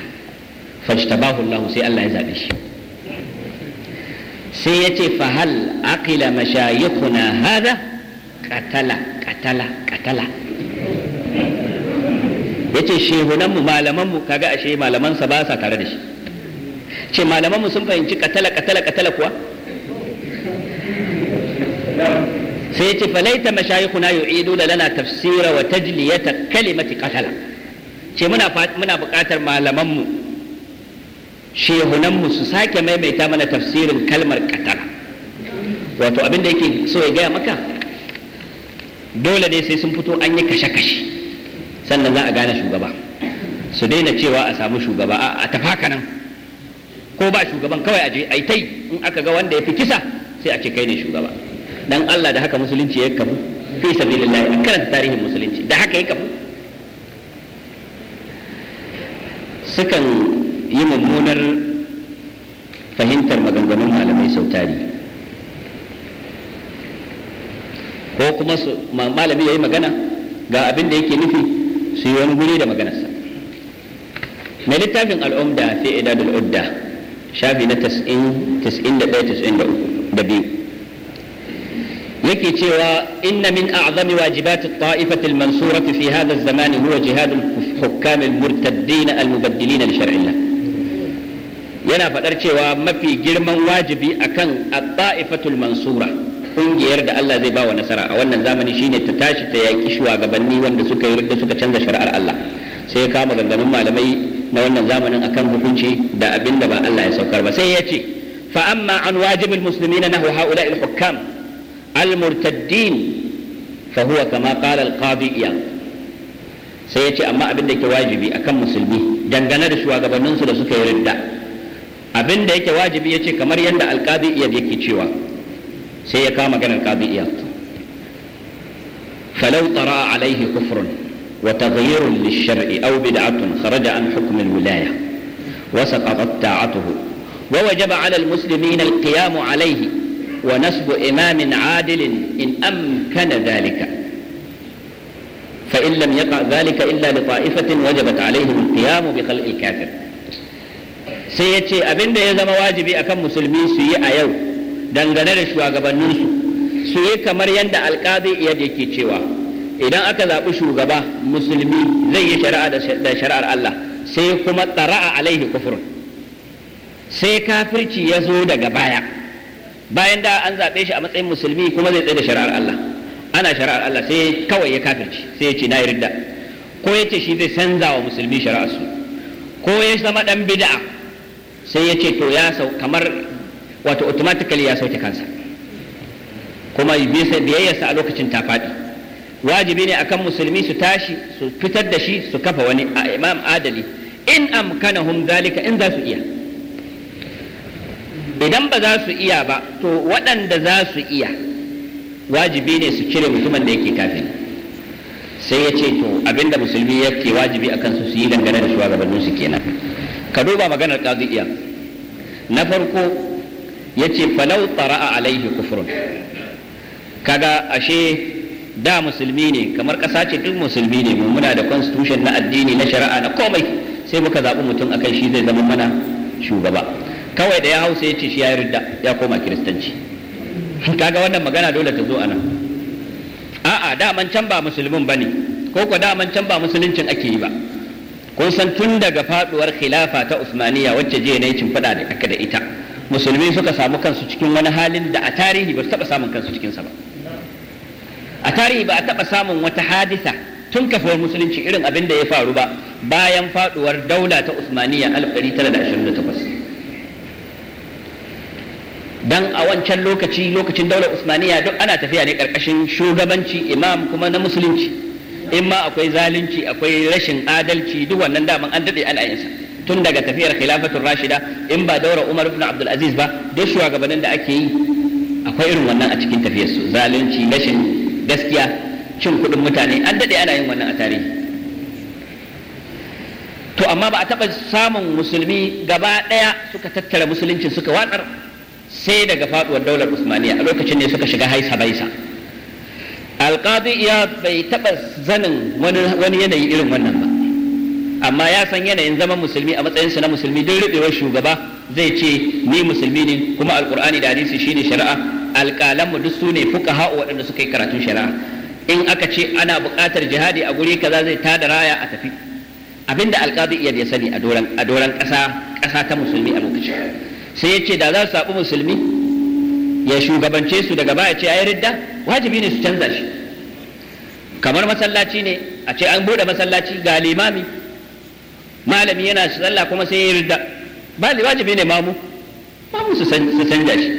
fajtabahu Allah sai Allah ya zaɓe shi sai ya ce fahal aqila mashayikhuna hada katala katala katala ya ce shehunanmu malamanmu kaga ashe malamansa ba sa tare da shi ce malamanmu sun fahimci katala katala katala kuwa sai ya ce falaita mashayikhuna yu'iduna lana tafsira wa tajliyata kalimati katala ce muna buƙatar malamanmu shehunanmu su sake maimaita mana tafsirin kalmar katara wato abin da yake so ya gaya maka dole ne sai sun fito an yi kashe-kashe sannan za a gane shugaba su daina cewa a samu shugaba a tafaka nan ko ba shugaban kawai a je a tai in aka ga wanda ya fi kisa sai a ce kai ne shugaba dan Allah da haka musulunci ya kafu fi sabilillah karanta tarihin musulunci da haka ya kafu sukan yi mummunar fahimtar maganganun malamai sau tari ko kuma su malami ya yi magana ga abin da yake nufi su yi wani guri da maganarsa mai littafin al'umda fi idadul udda shafi na 91 tas'in da biyu يكتوى إن من أعظم واجبات الطائفة المنصورة في هذا الزمان هو جهاد الحكام المرتدين المبدلين لشرع الله ينا فدر تيوى ما في جرم واجب أكن الطائفة المنصورة كن يرد الله زي باو نسرع وانا زامن شين التتاش تياكشوا قبني وانا سكا يرد سكا تنزى شرع الله سيكام غندن ما لمي نوانا زامن أكن بكنشي دا أبن دبا الله يسوكر بسيئتي فأما عن واجب المسلمين نهو هؤلاء الحكام المرتدين فهو كما قال القاضي يا سيتي أما أبن ديك واجبي أكم مسلمي جنجنا رسوا قبل ننصر سكا يرد أبن ديك واجبي يتي كمر يند القاضي يا ديك تشوا سيأكام كان القاضي يا فلو ترى عليه كفر وتغيير للشرع أو بدعة خرج عن حكم الولاية وسقطت طاعته ووجب على المسلمين القيام عليه ونسب إمام عادل إن أمكن ذلك فإن لم يقع ذلك إلا لطائفة وجبت عليهم القيام بخلق الكافر سيأتي أبن ده يزم واجبي أكم مسلمين سيئة يو دنغنر شواء قبل ننسو سيئة مريان ده القاضي يجيكي شواء إذا أكذا أشو قبا مسلمين زي شرع ده شرع الله سيكم الطراء عليه كفر سيكافر يزود غبايا bayan da an zaɓe shi a matsayin musulmi kuma zai tsaye da shari'ar Allah ana shari'ar Allah sai kawai ya kafirci sai ya ce na yarda ko ya ce shi zai canza wa musulmi shari'ar su ko ya zama dan bid'a sai ya ce to ya sau kamar wato automatically ya sauke kansa kuma bisa biyayyarsa a lokacin ta faɗi wajibi ne akan musulmi su tashi su fitar da shi su kafa wani imam adali in amkanahum zalika in za su iya idan ba za su iya ba to waɗanda za su iya wajibi ne su cire mutumin da yake kafin sai ya ce to abinda musulmi yake wajibi akan su su yi dangane da shugabannin su kenan ka duba maganar qadiyya na farko yace falau tara'a alaihi kufrun kaga ashe da musulmi ne kamar ƙasa ce duk musulmi ne mu muna da constitution na addini na shari'a na komai sai muka zaɓi mutum akan shi zai zama mana shugaba kawai da ya hau sai ya ce shi ya yarda ya koma kiristanci kaga wannan magana dole ta zo nan. a'a daman can ba musulmin bane ko ko daman can ba musuluncin ake yi ba kun san tun daga faduwar khilafa ta usmaniya wacce jiya ne cin fada da aka da ita musulmi suka samu kansu cikin wani halin da a tarihi ba su taba samun kansu cikin sa ba a tarihi ba a taba samun wata hadisa tun kafin musulunci irin abin da ya faru ba bayan faduwar daula ta usmaniya 1928 dan a wancan lokaci lokacin daular usmaniya duk ana tafiya ne karkashin shugabanci imam kuma na musulunci in ma akwai zalunci akwai rashin adalci duk wannan daman an dade ana yinsa tun daga tafiyar khilafatul rashida in ba daura umar ibn abdul aziz ba duk shugabannin da ake yi akwai irin wannan a cikin tafiyar su, zalunci rashin gaskiya cin kuɗin mutane an dade ana yin wannan a tarihi to amma ba a taɓa samun musulmi gaba ɗaya suka tattara musulunci suka watsar sai daga faduwar daular usmaniya a lokacin ne suka shiga haisa baisa alƙadi ya bai taɓa zanin wani yanayi irin wannan ba amma ya san yanayin zaman musulmi a matsayinsa na musulmi don rubewar shugaba zai ce ni musulmi ne kuma alkur'ani da hadisi shine shari'a alƙalanmu duk su ne ha'u waɗanda suka yi karatun shari'a in aka ce ana buƙatar jihadi a guri kaza zai tada raya a tafi abinda alƙadi iya ya sani a doran ƙasa ƙasa ta musulmi a lokacin sai ya ce da za su saɓi musulmi ya shugabance su daga baya ce yi ridda wajibi ne su canza shi kamar masallaci ne a ce an buɗe masallaci ga limami malami yana tsalla kuma sai ya yi ridda ba wajibi ne mamu mamu su canza shi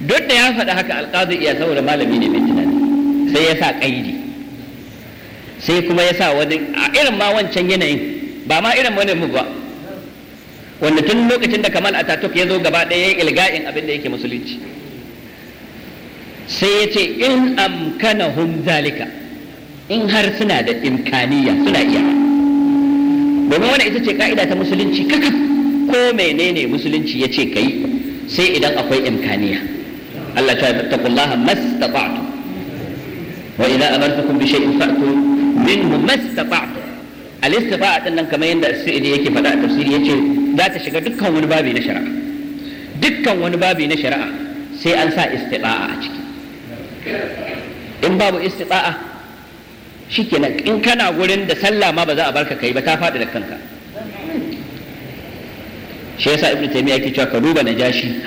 duk da ya faɗa haka alƙazi iya saboda malami ne mai tunani sai ya sa ƙaidi sai kuma ya sa wani a irin ma wancan yanayin ba ma irin wani mu ba wanda tun lokacin da kamal a ataturk ya zo gaba ɗaya ya ilga'in abin da yake musulunci sai ya ce in amkanahum zalika in har suna da imkaniya suna iya domin wani ita ce ka'ida ta musulunci kaka ko menene musulunci ya ce kai sai idan akwai imkaniya Allah ta ta taqullaha mastata'tu wa idza amartukum bi shay'in fa'tu minhu mastata'tu alistifa a nan kamar yadda sa'idi yake faɗa a tafsiri yace za ta shiga dukkan wani babi na shari'a dukkan wani babi na shari'a sai an sa istifa'a a ciki in babu istifa'a shikenan in kana gurin da sallah ma ba za a barka kai ba ta faɗi da kanka shi yasa ibnu taymiya yake cewa ka duba najashi